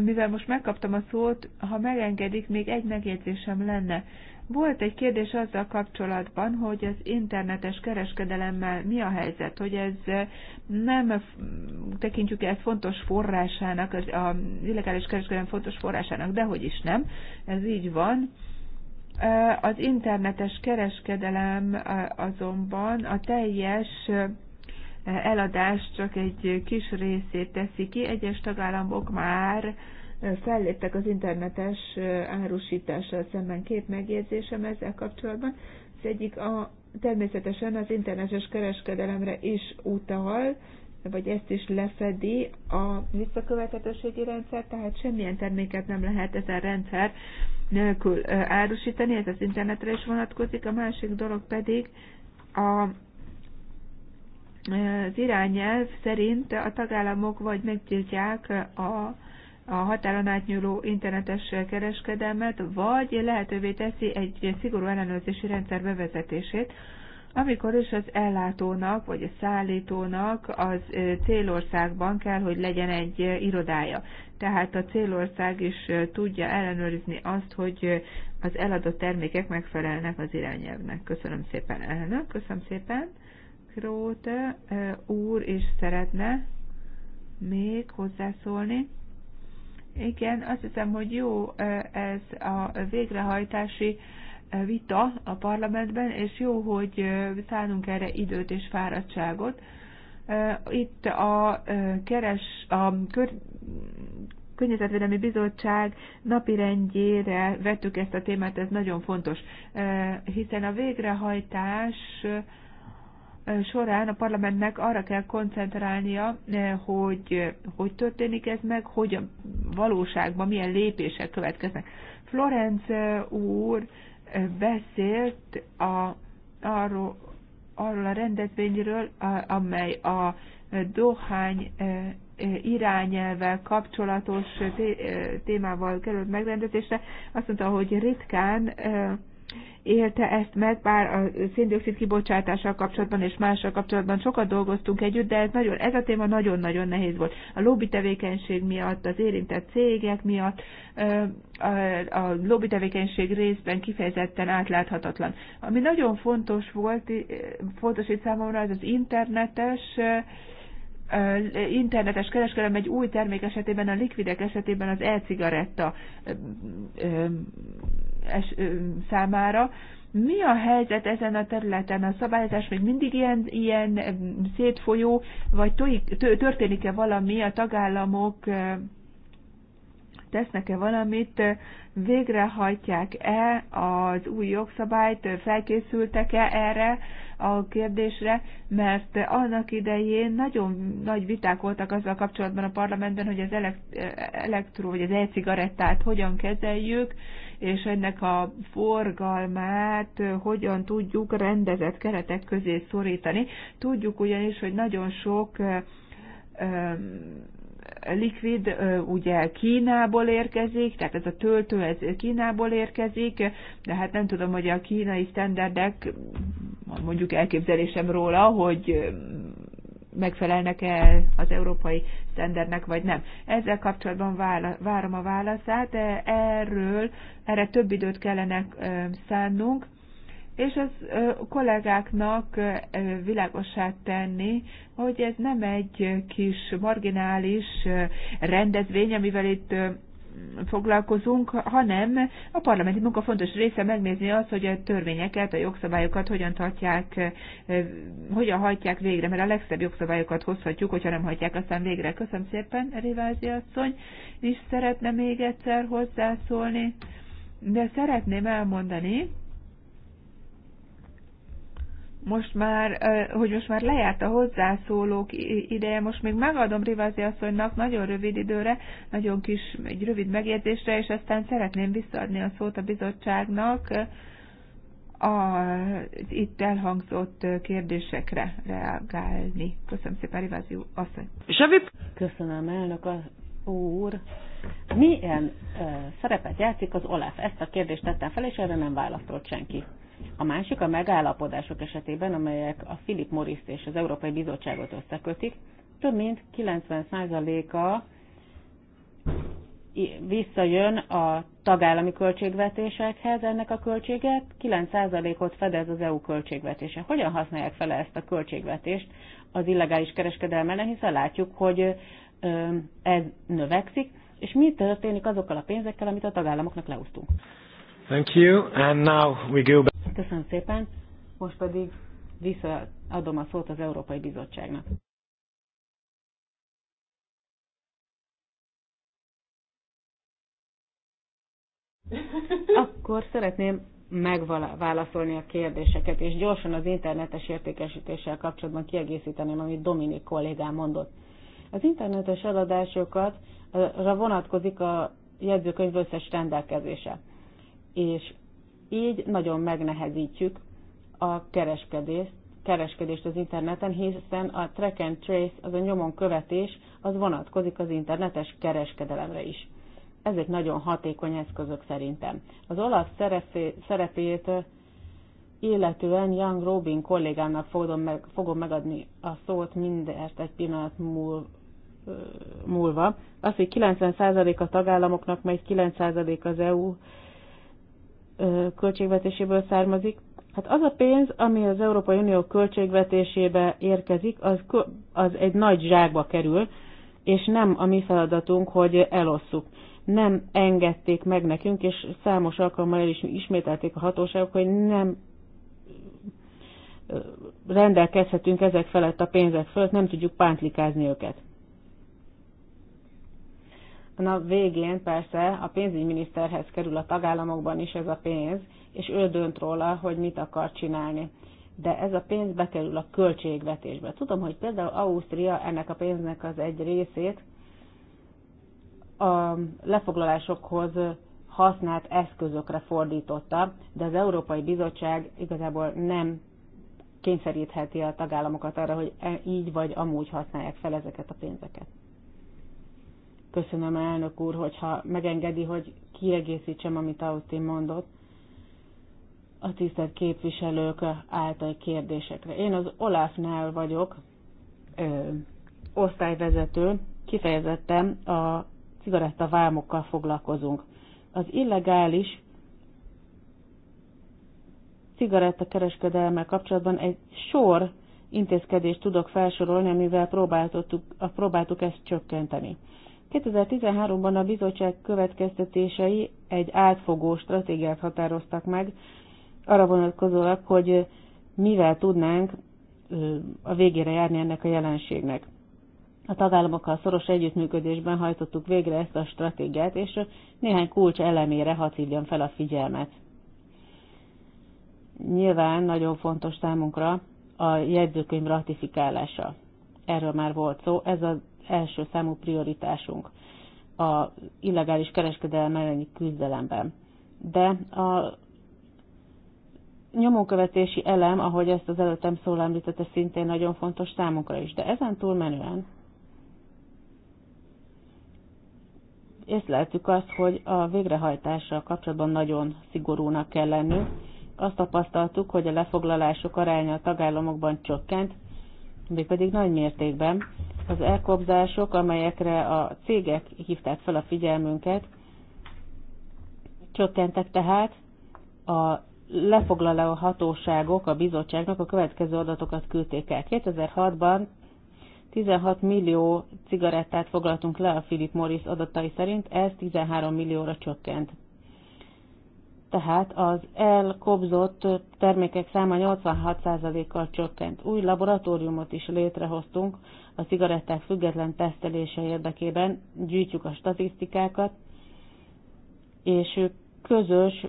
Mivel most megkaptam a szót, ha megengedik, még egy megjegyzésem lenne. Volt egy kérdés azzal kapcsolatban, hogy az internetes kereskedelemmel mi a helyzet, hogy ez nem tekintjük -e ezt fontos forrásának, az, az illegális kereskedelem fontos forrásának, de hogy is nem, ez így van. Az internetes kereskedelem azonban a teljes eladás csak egy kis részét teszi ki. Egyes tagállamok már felléptek az internetes árusítással szemben. Két megjegyzésem ezzel kapcsolatban. Az egyik a, természetesen az internetes kereskedelemre is utal, vagy ezt is lefedi a visszakövethetőségi rendszer, tehát semmilyen terméket nem lehet ezen rendszer nélkül árusítani, ez az internetre is vonatkozik, a másik dolog pedig a az irányelv szerint a tagállamok vagy megtiltják a, a határon átnyúló internetes kereskedelmet, vagy lehetővé teszi egy szigorú ellenőrzési rendszer bevezetését, amikor is az ellátónak vagy a szállítónak az célországban kell, hogy legyen egy irodája. Tehát a célország is tudja ellenőrizni azt, hogy az eladott termékek megfelelnek az irányelvnek. Köszönöm szépen, elnök, köszönöm szépen. Króte úr is szeretne még hozzászólni. Igen, azt hiszem, hogy jó ez a végrehajtási vita a parlamentben, és jó, hogy szánunk erre időt és fáradtságot. Itt a keres, a kör, Környezetvédelmi Bizottság napirendjére vettük ezt a témát, ez nagyon fontos, hiszen a végrehajtás során a parlamentnek arra kell koncentrálnia, hogy hogy történik ez meg, hogy a valóságban milyen lépések következnek. Florence úr beszélt a, arról, arról a rendezvényről, amely a dohány e, e, irányelvel kapcsolatos e, témával került megrendezésre. Azt mondta, hogy ritkán élte ezt meg, bár a széndiokszid kibocsátással kapcsolatban és mással kapcsolatban sokat dolgoztunk együtt, de ez, nagyon, ez a téma nagyon-nagyon nehéz volt. A lobby tevékenység miatt, az érintett cégek miatt, a lobby tevékenység részben kifejezetten átláthatatlan. Ami nagyon fontos volt, fontos itt számomra, az az internetes internetes kereskedelem egy új termék esetében, a likvidek esetében az e-cigaretta es, számára. Mi a helyzet ezen a területen? A szabályozás még mindig ilyen, ilyen szétfolyó, vagy történik-e valami a tagállamok tesznek-e valamit, végrehajtják-e az új jogszabályt, felkészültek-e erre a kérdésre, mert annak idején nagyon nagy viták voltak azzal kapcsolatban a parlamentben, hogy az elektro vagy az e-cigarettát hogyan kezeljük, és ennek a forgalmát hogyan tudjuk rendezett keretek közé szorítani. Tudjuk ugyanis, hogy nagyon sok likvid ugye Kínából érkezik, tehát ez a töltő ez Kínából érkezik, de hát nem tudom, hogy a kínai standardek, mondjuk elképzelésem róla, hogy megfelelnek-e az európai sztendernek, vagy nem. Ezzel kapcsolatban várom a válaszát, de erről, erre több időt kellene szánnunk, és az kollégáknak világosá tenni, hogy ez nem egy kis marginális rendezvény, amivel itt foglalkozunk, hanem a parlamenti munka fontos része megnézni azt, hogy a törvényeket, a jogszabályokat hogyan tartják, eh, hogyan hajtják végre, mert a legszebb jogszabályokat hozhatjuk, hogyha nem hajtják aztán végre. Köszönöm szépen, Rivázi asszony, is szeretne még egyszer hozzászólni, de szeretném elmondani, most már, hogy most már lejárt a hozzászólók ideje, most még megadom Rivázi asszonynak nagyon rövid időre, nagyon kis, egy rövid megjegyzésre, és aztán szeretném visszaadni a szót a bizottságnak az itt elhangzott kérdésekre reagálni. Köszönöm szépen, Rivázi asszony. Köszönöm, elnök úr. Milyen uh, szerepet játszik az Olaf? Ezt a kérdést tettem fel, és erre nem válaszolt senki. A másik a megállapodások esetében, amelyek a Philip morris és az Európai Bizottságot összekötik, több mint 90%-a visszajön a tagállami költségvetésekhez ennek a költséget, 9%-ot fedez az EU költségvetése. Hogyan használják fel ezt a költségvetést az illegális kereskedelmen, hiszen látjuk, hogy ez növekszik, és mi történik azokkal a pénzekkel, amit a tagállamoknak leúztunk? Thank you, and now we go back. Köszönöm szépen. Most pedig visszaadom a szót az Európai Bizottságnak. Akkor szeretném megválaszolni a kérdéseket, és gyorsan az internetes értékesítéssel kapcsolatban kiegészíteném, amit Dominik kollégám mondott. Az internetes eladásokat eh, vonatkozik a jegyzőkönyv összes rendelkezése és így nagyon megnehezítjük a kereskedést, kereskedést az interneten, hiszen a track and trace, az a nyomon követés, az vonatkozik az internetes kereskedelemre is. Ezek nagyon hatékony eszközök szerintem. Az olasz szerepét illetően Young Robin kollégának fogom, meg, fogom megadni a szót mindest egy pillanat múl, múlva. Az, hogy 90% a tagállamoknak, majd 9% az EU költségvetéséből származik. Hát az a pénz, ami az Európai Unió költségvetésébe érkezik, az, az egy nagy zsákba kerül, és nem a mi feladatunk, hogy elosszuk. Nem engedték meg nekünk, és számos alkalommal el is ismételték a hatóságok, hogy nem rendelkezhetünk ezek felett a pénzek fölött, nem tudjuk pántlikázni őket nap végén persze a pénzügyminiszterhez kerül a tagállamokban is ez a pénz, és ő dönt róla, hogy mit akar csinálni. De ez a pénz bekerül a költségvetésbe. Tudom, hogy például Ausztria ennek a pénznek az egy részét a lefoglalásokhoz használt eszközökre fordította, de az Európai Bizottság igazából nem kényszerítheti a tagállamokat arra, hogy e- így vagy amúgy használják fel ezeket a pénzeket. Köszönöm, elnök úr, hogyha megengedi, hogy kiegészítsem, amit Austin mondott a tisztelt képviselők által kérdésekre. Én az Olafnál vagyok, ö, osztályvezető, kifejezetten a cigarettavámokkal foglalkozunk. Az illegális kereskedelme kapcsolatban egy sor intézkedést tudok felsorolni, amivel próbáltuk, próbáltuk ezt csökkenteni. 2013-ban a bizottság következtetései egy átfogó stratégiát határoztak meg, arra vonatkozólag, hogy mivel tudnánk a végére járni ennek a jelenségnek. A tagállamokkal szoros együttműködésben hajtottuk végre ezt a stratégiát, és néhány kulcs elemére hadd hívjam fel a figyelmet. Nyilván nagyon fontos számunkra a jegyzőkönyv ratifikálása. Erről már volt szó, ez a első számú prioritásunk a illegális kereskedelem elleni küzdelemben. De a nyomókövetési elem, ahogy ezt az előttem szól említette, szintén nagyon fontos számunkra is. De ezen túlmenően észleltük azt, hogy a végrehajtással kapcsolatban nagyon szigorúnak kell lennünk. Azt tapasztaltuk, hogy a lefoglalások aránya a tagállamokban csökkent, mégpedig nagy mértékben. Az elkobzások, amelyekre a cégek hívták fel a figyelmünket, csökkentek tehát a lefoglaló hatóságok a bizottságnak a következő adatokat küldték el. 2006-ban 16 millió cigarettát foglaltunk le a Philip Morris adatai szerint, ez 13 millióra csökkent tehát az elkobzott termékek száma 86%-kal csökkent. Új laboratóriumot is létrehoztunk a cigaretták független tesztelése érdekében, gyűjtjük a statisztikákat, és közös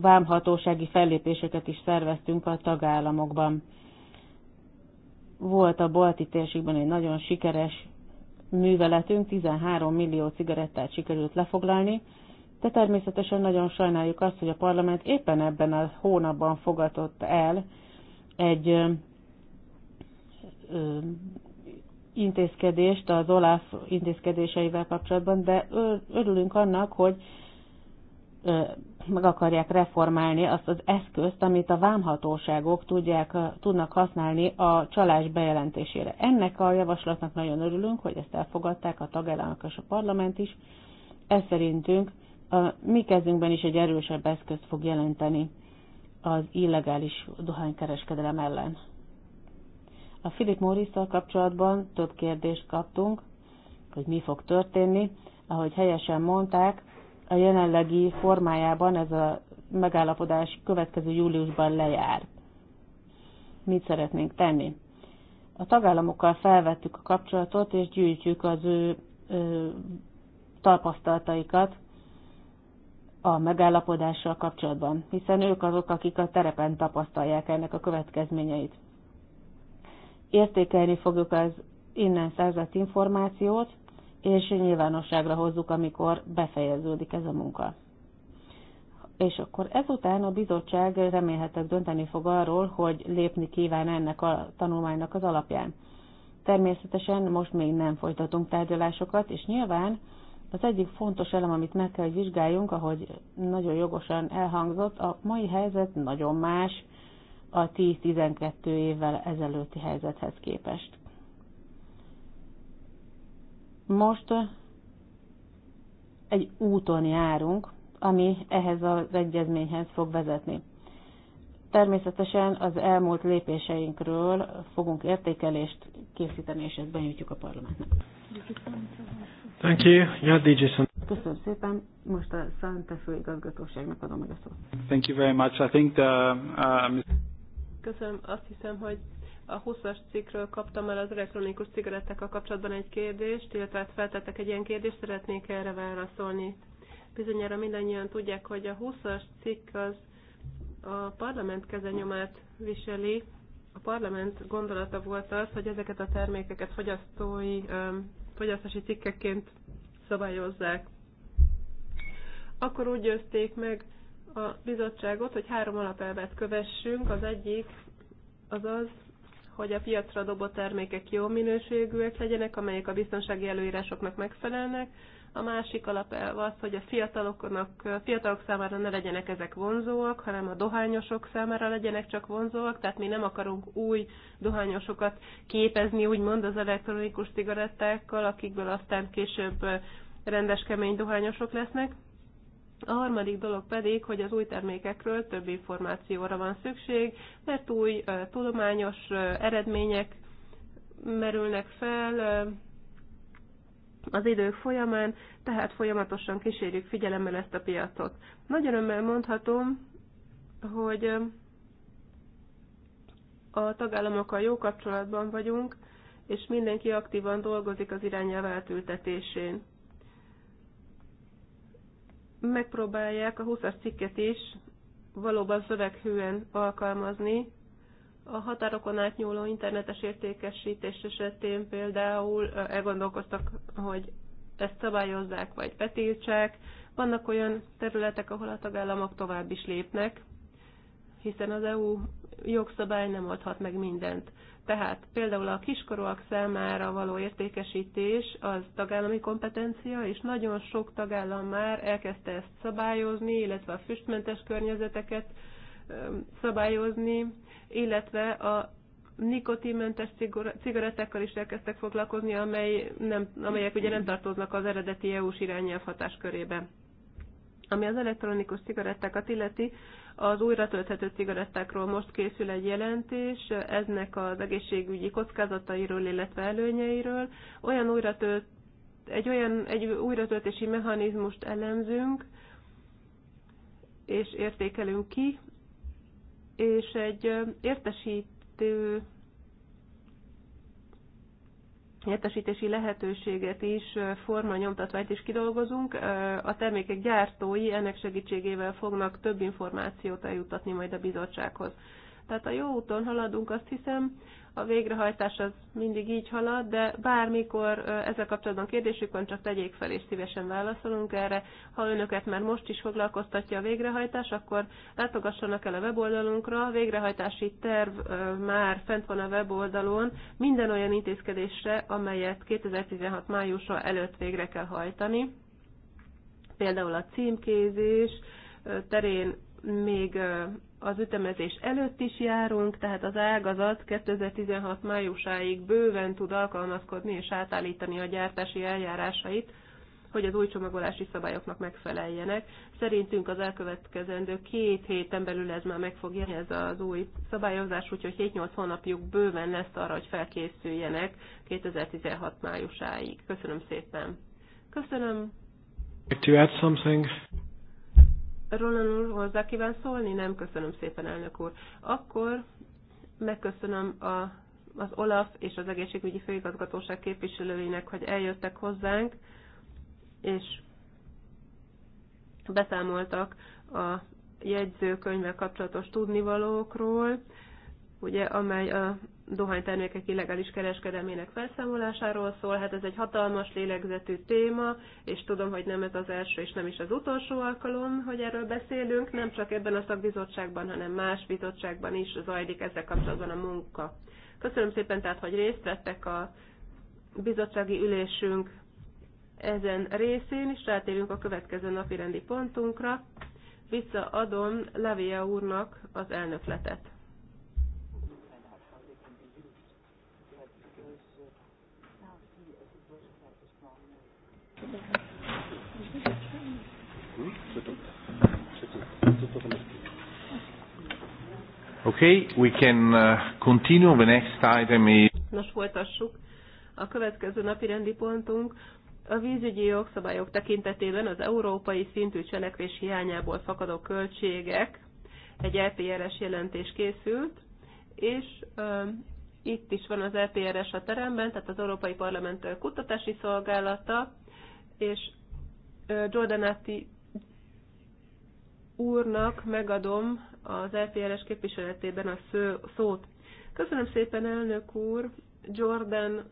vámhatósági fellépéseket is szerveztünk a tagállamokban. Volt a balti térségben egy nagyon sikeres műveletünk, 13 millió cigarettát sikerült lefoglalni, de természetesen nagyon sajnáljuk azt, hogy a parlament éppen ebben a hónapban fogadott el egy ö, ö, intézkedést az OLAF intézkedéseivel kapcsolatban, de örülünk annak, hogy ö, meg akarják reformálni azt az eszközt, amit a vámhatóságok tudják, tudnak használni a csalás bejelentésére. Ennek a javaslatnak nagyon örülünk, hogy ezt elfogadták a tagállamok és a parlament is. Ez szerintünk a mi kezünkben is egy erősebb eszközt fog jelenteni az illegális dohánykereskedelem ellen. A Philip morris kapcsolatban több kérdést kaptunk, hogy mi fog történni. Ahogy helyesen mondták, a jelenlegi formájában ez a megállapodás következő júliusban lejár. Mit szeretnénk tenni? A tagállamokkal felvettük a kapcsolatot, és gyűjtjük az ő, ő tapasztalataikat, a megállapodással kapcsolatban, hiszen ők azok, akik a terepen tapasztalják ennek a következményeit. Értékelni fogjuk az innen szerzett információt, és nyilvánosságra hozzuk, amikor befejeződik ez a munka. És akkor ezután a bizottság remélhetőleg dönteni fog arról, hogy lépni kíván ennek a tanulmánynak az alapján. Természetesen most még nem folytatunk tárgyalásokat, és nyilván az egyik fontos elem, amit meg kell, hogy vizsgáljunk, ahogy nagyon jogosan elhangzott, a mai helyzet nagyon más a 10-12 évvel ezelőtti helyzethez képest. Most egy úton járunk, ami ehhez az egyezményhez fog vezetni. Természetesen az elmúlt lépéseinkről fogunk értékelést készíteni, és ezt benyújtjuk a parlamentnek. Thank you. Yeah, DJ Köszönöm szépen. Most a Fe igazgatóságnak adom meg a szót. Thank you very much. I think the, uh, Köszönöm. Azt hiszem, hogy a 20-as cikkről kaptam el az elektronikus cigarettákkal kapcsolatban egy kérdést, illetve hát feltettek egy ilyen kérdést, szeretnék erre válaszolni. Bizonyára mindannyian tudják, hogy a 20-as cikk az a parlament kezenyomát viseli. A parlament gondolata volt az, hogy ezeket a termékeket fogyasztói um, fogyasztási cikkeként szabályozzák. Akkor úgy győzték meg a bizottságot, hogy három alapelvet kövessünk. Az egyik az az, hogy a piacra dobott termékek jó minőségűek legyenek, amelyek a biztonsági előírásoknak megfelelnek. A másik alapelv az, hogy a fiataloknak, fiatalok számára ne legyenek ezek vonzóak, hanem a dohányosok számára legyenek csak vonzóak, tehát mi nem akarunk új dohányosokat képezni, úgymond az elektronikus cigarettákkal, akikből aztán később rendes kemény dohányosok lesznek. A harmadik dolog pedig, hogy az új termékekről több információra van szükség, mert új tudományos eredmények merülnek fel, az idők folyamán, tehát folyamatosan kísérjük figyelemmel ezt a piacot. Nagy örömmel mondhatom, hogy a tagállamokkal jó kapcsolatban vagyunk, és mindenki aktívan dolgozik az irányelv átültetésén. Megpróbálják a 20-as cikket is valóban szöveghűen alkalmazni, a határokon átnyúló internetes értékesítés esetén például elgondolkoztak, hogy ezt szabályozzák vagy betiltsák. Vannak olyan területek, ahol a tagállamok tovább is lépnek, hiszen az EU jogszabály nem adhat meg mindent. Tehát például a kiskorúak számára való értékesítés az tagállami kompetencia, és nagyon sok tagállam már elkezdte ezt szabályozni, illetve a füstmentes környezeteket szabályozni, illetve a nikotinmentes cigarettákkal is elkezdtek foglalkozni, amely nem, amelyek ugye nem tartoznak az eredeti EU-s irányelv hatáskörébe. Ami az elektronikus cigarettákat illeti, az újra tölthető cigarettákról most készül egy jelentés, eznek az egészségügyi kockázatairól, illetve előnyeiről. Olyan újra tölt, egy olyan egy újratöltési mechanizmust elemzünk, és értékelünk ki, és egy értesítő értesítési lehetőséget is, forma nyomtatványt is kidolgozunk. A termékek gyártói ennek segítségével fognak több információt eljutatni majd a bizottsághoz. Tehát a jó úton haladunk, azt hiszem, a végrehajtás az mindig így halad, de bármikor ezzel kapcsolatban kérdésük van, csak tegyék fel, és szívesen válaszolunk erre. Ha önöket már most is foglalkoztatja a végrehajtás, akkor látogassanak el a weboldalunkra. A végrehajtási terv már fent van a weboldalon minden olyan intézkedésre, amelyet 2016 májusa előtt végre kell hajtani. Például a címkézés terén még az ütemezés előtt is járunk, tehát az ágazat 2016 májusáig bőven tud alkalmazkodni és átállítani a gyártási eljárásait, hogy az új csomagolási szabályoknak megfeleljenek. Szerintünk az elkövetkezendő két héten belül ez már meg fog jönni ez az új szabályozás, úgyhogy 7-8 hónapjuk bőven lesz arra, hogy felkészüljenek 2016 májusáig. Köszönöm szépen. Köszönöm. To add something. Roland úr hozzá kíván szólni? Nem, köszönöm szépen, elnök úr. Akkor megköszönöm a, az OLAF és az egészségügyi főigazgatóság képviselőinek, hogy eljöttek hozzánk, és beszámoltak a jegyzőkönyvvel kapcsolatos tudnivalókról ugye, amely a dohánytermékek illegális kereskedelmének felszámolásáról szól. Hát ez egy hatalmas lélegzetű téma, és tudom, hogy nem ez az első és nem is az utolsó alkalom, hogy erről beszélünk, nem csak ebben a szakbizottságban, hanem más bizottságban is zajlik ezzel kapcsolatban a munka. Köszönöm szépen tehát, hogy részt vettek a bizottsági ülésünk ezen részén, és rátérünk a következő napi rendi pontunkra. Visszaadom Lavia úrnak az elnökletet. Okay, we can uh, continue. The next item is... Nos, folytassuk. A következő napi rendi pontunk a vízügyi jogszabályok tekintetében az európai szintű cselekvés hiányából fakadó költségek egy EPRS jelentés készült, és um, itt is van az EPRS a teremben, tehát az Európai Parlament Kutatási Szolgálata, és Giordanati úrnak megadom az LPRS képviseletében a sző, szót. Köszönöm szépen, elnök úr! Jordan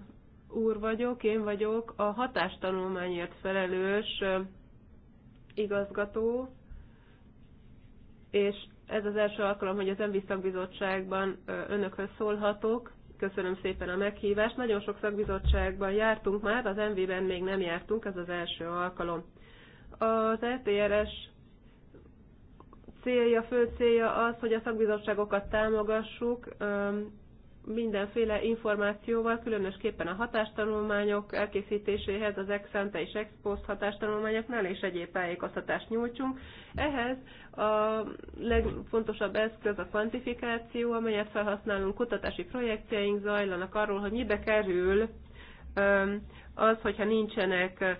úr vagyok, én vagyok a hatástanulmányért felelős igazgató, és ez az első alkalom, hogy az MV önökhöz szólhatok. Köszönöm szépen a meghívást. Nagyon sok szakbizottságban jártunk már, az MV-ben még nem jártunk, ez az első alkalom. Az ETRS célja, fő célja az, hogy a szakbizottságokat támogassuk, mindenféle információval, különösképpen a hatástanulmányok elkészítéséhez, az ex és expost hatástanulmányoknál és egyéb tájékoztatást nyújtsunk. Ehhez a legfontosabb eszköz a kvantifikáció, amelyet felhasználunk, kutatási projektjeink zajlanak arról, hogy mibe kerül az, hogyha nincsenek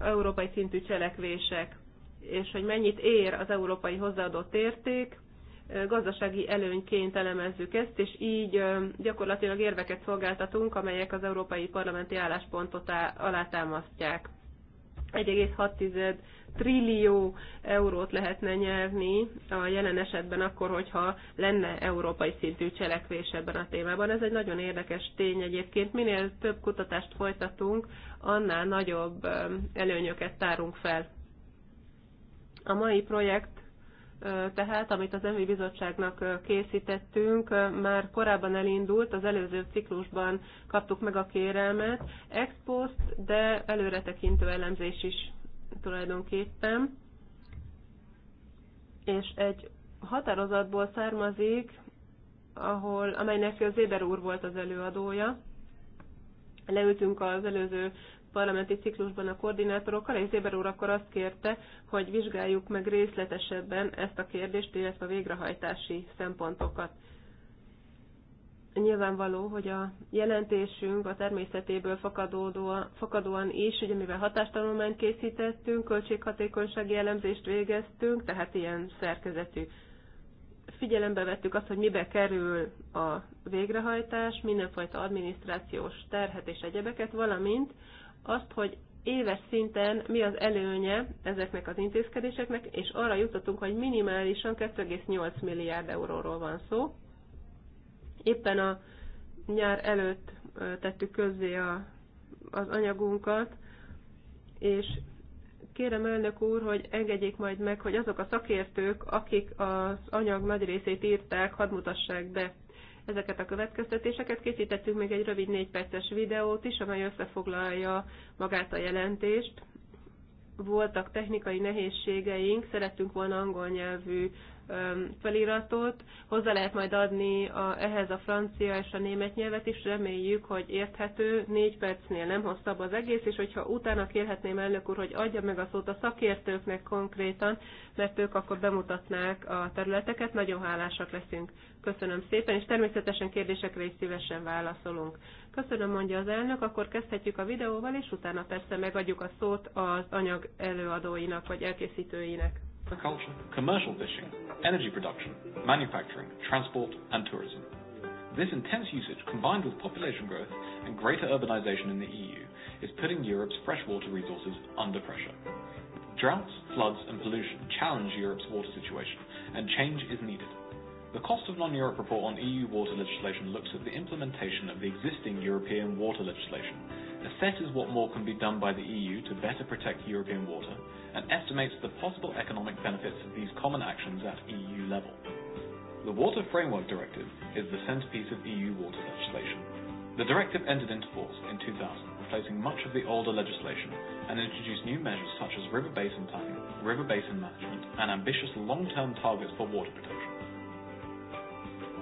európai szintű cselekvések, és hogy mennyit ér az európai hozzáadott érték, gazdasági előnyként elemezzük ezt, és így gyakorlatilag érveket szolgáltatunk, amelyek az európai parlamenti álláspontot alátámasztják. 1,6 trillió eurót lehetne nyerni a jelen esetben akkor, hogyha lenne európai szintű cselekvés ebben a témában. Ez egy nagyon érdekes tény egyébként. Minél több kutatást folytatunk, annál nagyobb előnyöket tárunk fel. A mai projekt tehát, amit az EMI Bizottságnak készítettünk, már korábban elindult, az előző ciklusban kaptuk meg a kérelmet, ex post, de előretekintő elemzés is tulajdonképpen, és egy határozatból származik, ahol, amelynek Zéber úr volt az előadója. Leültünk az előző parlamenti ciklusban a koordinátorokkal, és Zéber úr akkor azt kérte, hogy vizsgáljuk meg részletesebben ezt a kérdést, illetve a végrehajtási szempontokat. Nyilvánvaló, hogy a jelentésünk a természetéből fakadóan, is, ugye mivel hatástanulmányt készítettünk, költséghatékonysági elemzést végeztünk, tehát ilyen szerkezetű figyelembe vettük azt, hogy mibe kerül a végrehajtás, mindenfajta adminisztrációs terhet és egyebeket, valamint azt, hogy éves szinten mi az előnye ezeknek az intézkedéseknek, és arra jutottunk, hogy minimálisan 2,8 milliárd euróról van szó. Éppen a nyár előtt tettük közzé a, az anyagunkat, és kérem elnök úr, hogy engedjék majd meg, hogy azok a szakértők, akik az anyag nagy részét írták, hadd mutassák be ezeket a következtetéseket. Készítettünk még egy rövid négy perces videót is, amely összefoglalja magát a jelentést. Voltak technikai nehézségeink, szerettünk volna angol nyelvű feliratot. Hozzá lehet majd adni a, ehhez a francia és a német nyelvet is, reméljük, hogy érthető, négy percnél nem hosszabb az egész, és hogyha utána kérhetném elnök úr, hogy adja meg a szót a szakértőknek konkrétan, mert ők akkor bemutatnák a területeket, nagyon hálásak leszünk. Köszönöm szépen, és természetesen kérdésekre is szívesen válaszolunk. Köszönöm, mondja az elnök, akkor kezdhetjük a videóval, és utána persze megadjuk a szót az anyag előadóinak vagy elkészítőinek agriculture, commercial fishing, energy production, manufacturing, transport, and tourism. This intense usage, combined with population growth and greater urbanization in the EU, is putting Europe's freshwater resources under pressure. Droughts, floods, and pollution challenge Europe's water situation, and change is needed. The Cost of Non-Europe report on EU water legislation looks at the implementation of the existing European water legislation assesses what more can be done by the EU to better protect European water, and estimates the possible economic benefits of these common actions at EU level. The Water Framework Directive is the centerpiece of EU water legislation. The directive entered into force in 2000, replacing much of the older legislation, and introduced new measures such as river basin planning, river basin management, and ambitious long-term targets for water protection.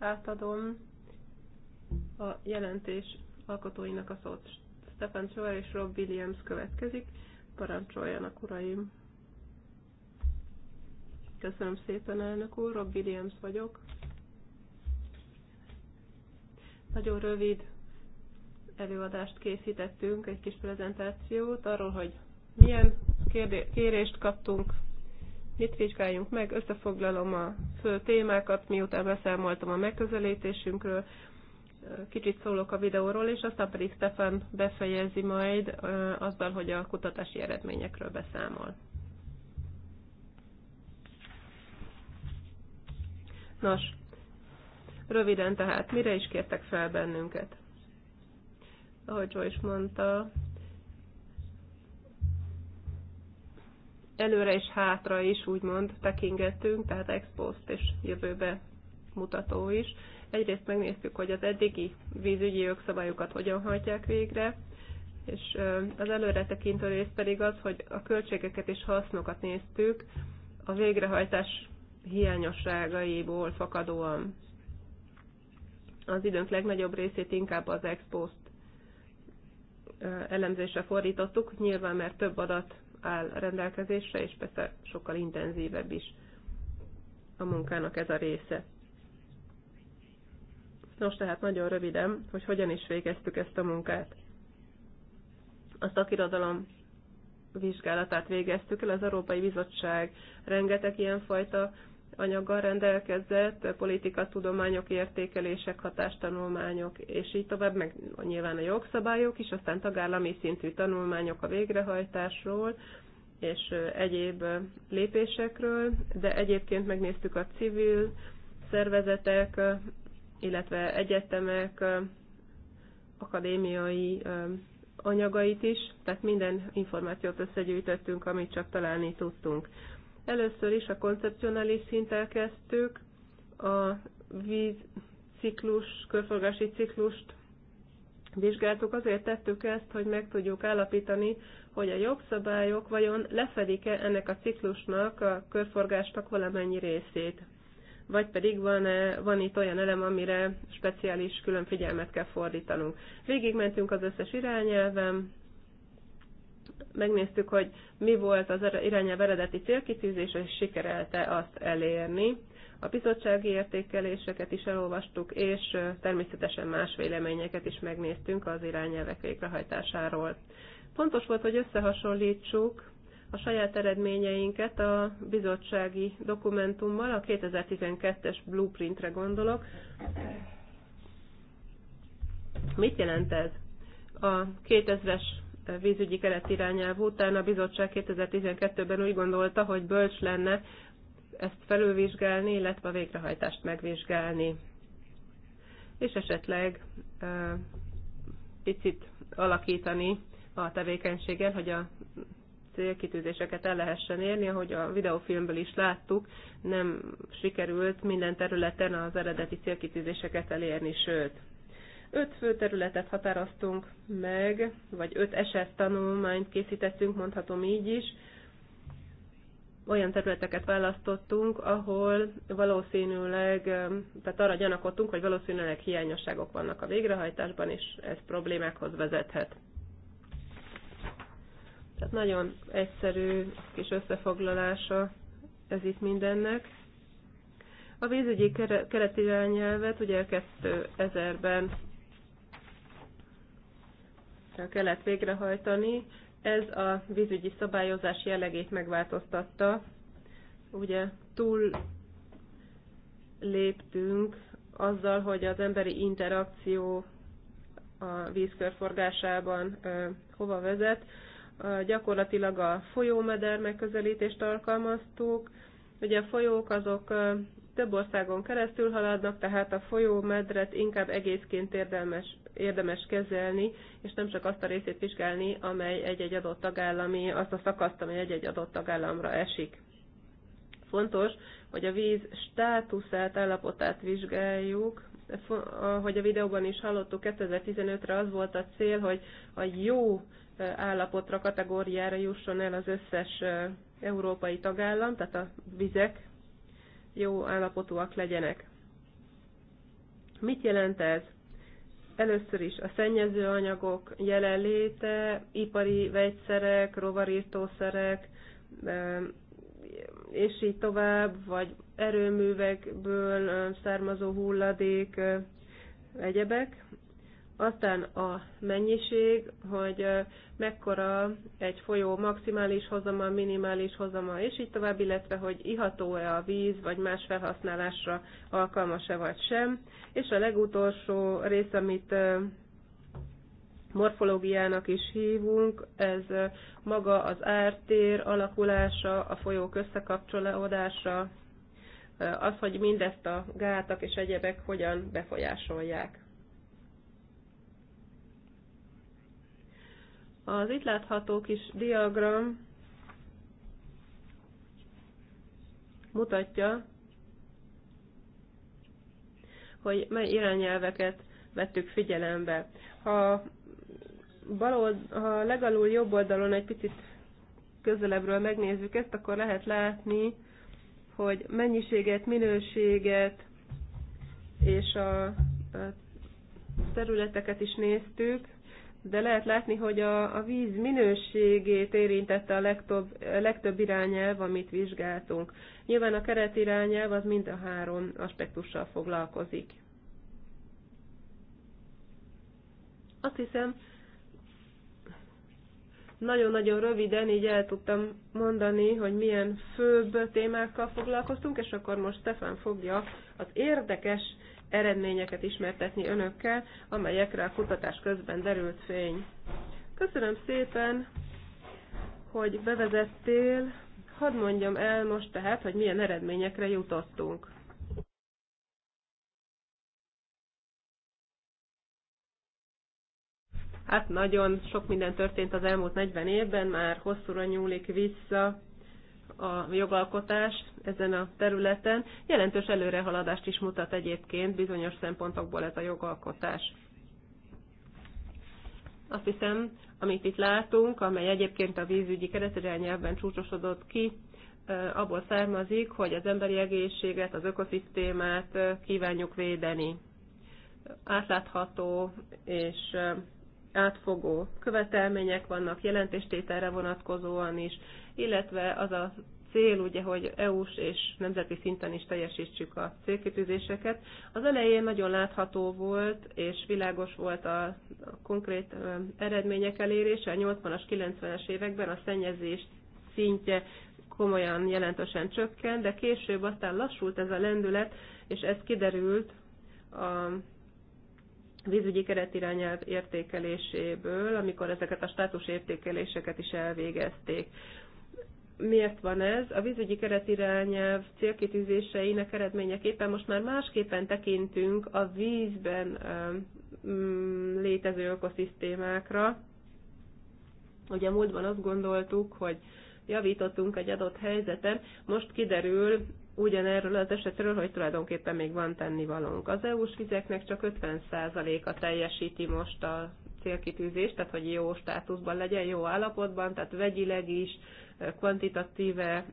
átadom a jelentés alkotóinak a szót. Stefan Csoer és Rob Williams következik. Parancsoljanak, uraim! Köszönöm szépen, elnök úr, Rob Williams vagyok. Nagyon rövid előadást készítettünk, egy kis prezentációt arról, hogy milyen kérdé- kérést kaptunk Mit vizsgáljunk meg? Összefoglalom a fő témákat, miután beszámoltam a megközelítésünkről, kicsit szólok a videóról, és aztán pedig Stefan befejezi majd azzal, hogy a kutatási eredményekről beszámol. Nos, röviden tehát, mire is kértek fel bennünket? Ahogy Joe is mondta, előre és hátra is úgymond tekingettünk, tehát ex post és jövőbe mutató is. Egyrészt megnéztük, hogy az eddigi vízügyi jogszabályokat hogyan hajtják végre, és az előretekintő rész pedig az, hogy a költségeket és hasznokat néztük a végrehajtás hiányosságaiból fakadóan. Az időnk legnagyobb részét inkább az ex post elemzésre fordítottuk, nyilván mert több adat áll rendelkezésre, és persze sokkal intenzívebb is a munkának ez a része. Nos, tehát nagyon röviden, hogy hogyan is végeztük ezt a munkát. A szakirodalom vizsgálatát végeztük el, az Európai Bizottság rengeteg ilyenfajta anyaggal rendelkezett, politikatudományok, értékelések, hatástanulmányok, és így tovább, meg nyilván a jogszabályok is, aztán tagállami szintű tanulmányok a végrehajtásról, és egyéb lépésekről, de egyébként megnéztük a civil szervezetek, illetve egyetemek, akadémiai anyagait is, tehát minden információt összegyűjtöttünk, amit csak találni tudtunk. Először is a koncepcionális szinttel kezdtük, a vízciklus, körforgási ciklust vizsgáltuk, azért tettük ezt, hogy meg tudjuk állapítani, hogy a jogszabályok vajon lefedik-e ennek a ciklusnak, a körforgásnak valamennyi részét. Vagy pedig van, -e, van itt olyan elem, amire speciális külön figyelmet kell fordítanunk. Végigmentünk az összes irányelven, megnéztük, hogy mi volt az irányelv eredeti célkitűzés, és sikerelte azt elérni. A bizottsági értékeléseket is elolvastuk, és természetesen más véleményeket is megnéztünk az irányelvek végrehajtásáról. Fontos volt, hogy összehasonlítsuk a saját eredményeinket a bizottsági dokumentummal, a 2012-es blueprintre gondolok. Mit jelent ez? A 2000-es vízügyi keretirányelv után a bizottság 2012-ben úgy gondolta, hogy bölcs lenne ezt felülvizsgálni, illetve a végrehajtást megvizsgálni. És esetleg picit alakítani a tevékenységen, hogy a célkitűzéseket el lehessen érni, ahogy a videófilmből is láttuk, nem sikerült minden területen az eredeti célkitűzéseket elérni, sőt, Öt fő területet határoztunk meg, vagy öt eset tanulmányt készítettünk, mondhatom így is. Olyan területeket választottunk, ahol valószínűleg, tehát arra gyanakodtunk, hogy valószínűleg hiányosságok vannak a végrehajtásban, és ez problémákhoz vezethet. Tehát nagyon egyszerű kis összefoglalása ez itt mindennek. A vízügyi keretirányelvet ugye 2000-ben kellett végrehajtani, ez a vízügyi szabályozás jellegét megváltoztatta. Ugye túl léptünk azzal, hogy az emberi interakció a vízkörforgásában hova vezet. Gyakorlatilag a folyómeder megközelítést alkalmaztuk. Ugye a folyók azok több országon keresztül haladnak, tehát a folyómedret inkább egészként érdemes érdemes kezelni, és nem csak azt a részét vizsgálni, amely egy-egy adott tagállami, azt a szakaszt, amely egy-egy adott tagállamra esik. Fontos, hogy a víz státuszát, állapotát vizsgáljuk, hogy a videóban is hallottuk, 2015-re az volt a cél, hogy a jó állapotra, kategóriára jusson el az összes európai tagállam, tehát a vizek jó állapotúak legyenek. Mit jelent ez? Először is a szennyező anyagok jelenléte, ipari vegyszerek, rovarírtószerek, és így tovább, vagy erőművekből származó hulladék, egyebek, aztán a mennyiség, hogy mekkora egy folyó maximális hozama, minimális hozama, és így tovább, illetve hogy iható-e a víz, vagy más felhasználásra alkalmas-e vagy sem. És a legutolsó rész, amit morfológiának is hívunk, ez maga az ártér alakulása, a folyók összekapcsolódása, az, hogy mindezt a gátak és egyebek hogyan befolyásolják. Az itt látható kis diagram mutatja, hogy mely irányelveket vettük figyelembe. Ha, bal old ha legalul jobb oldalon egy picit közelebbről megnézzük ezt, akkor lehet látni, hogy mennyiséget, minőséget és a területeket is néztük de lehet látni, hogy a, a víz minőségét érintette a legtöbb, legtöbb irányelv, amit vizsgáltunk. Nyilván a irányelv az mind a három aspektussal foglalkozik. Azt hiszem, nagyon-nagyon röviden így el tudtam mondani, hogy milyen főbb témákkal foglalkoztunk, és akkor most Stefan fogja az érdekes eredményeket ismertetni önökkel, amelyekre a kutatás közben derült fény. Köszönöm szépen, hogy bevezettél. Hadd mondjam el most tehát, hogy milyen eredményekre jutottunk. Hát nagyon sok minden történt az elmúlt 40 évben, már hosszúra nyúlik vissza a jogalkotás ezen a területen. Jelentős előrehaladást is mutat egyébként bizonyos szempontokból ez a jogalkotás. Azt hiszem, amit itt látunk, amely egyébként a vízügyi keretirányelvben csúcsosodott ki, abból származik, hogy az emberi egészséget, az ökoszisztémát kívánjuk védeni. Átlátható és átfogó követelmények vannak jelentéstételre vonatkozóan is, illetve az a cél, ugye, hogy EU-s és nemzeti szinten is teljesítsük a célkitűzéseket. Az elején nagyon látható volt, és világos volt a konkrét eredmények elérése. A 80-as, 90-es években a szennyezés szintje komolyan jelentősen csökkent, de később aztán lassult ez a lendület, és ez kiderült a vízügyi keretirányelv értékeléséből, amikor ezeket a státus értékeléseket is elvégezték miért van ez? A vízügyi keretirányelv célkitűzéseinek eredményeképpen most már másképpen tekintünk a vízben um, mm, létező ökoszisztémákra. Ugye a múltban azt gondoltuk, hogy javítottunk egy adott helyzeten, most kiderül ugyanerről az esetről, hogy tulajdonképpen még van tennivalónk. Az EU-s vizeknek csak 50%-a teljesíti most a célkitűzés, tehát hogy jó státuszban legyen, jó állapotban, tehát vegyileg is, kvantitatíve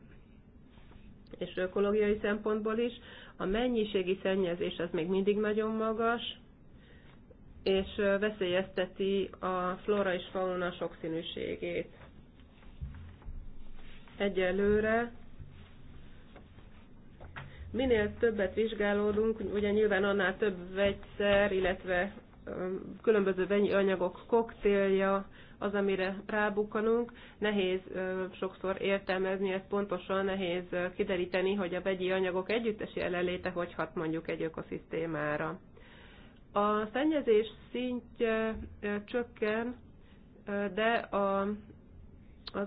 és ökológiai szempontból is. A mennyiségi szennyezés az még mindig nagyon magas, és veszélyezteti a flora és fauna sokszínűségét. Egyelőre minél többet vizsgálódunk, ugye nyilván annál több vegyszer, illetve különböző anyagok koktélja az, amire rábukkanunk. Nehéz sokszor értelmezni ezt pontosan, nehéz kideríteni, hogy a vegyi anyagok együttes jelenléte hogy hat mondjuk egy ökoszisztémára. A szennyezés szintje csökken, de a, a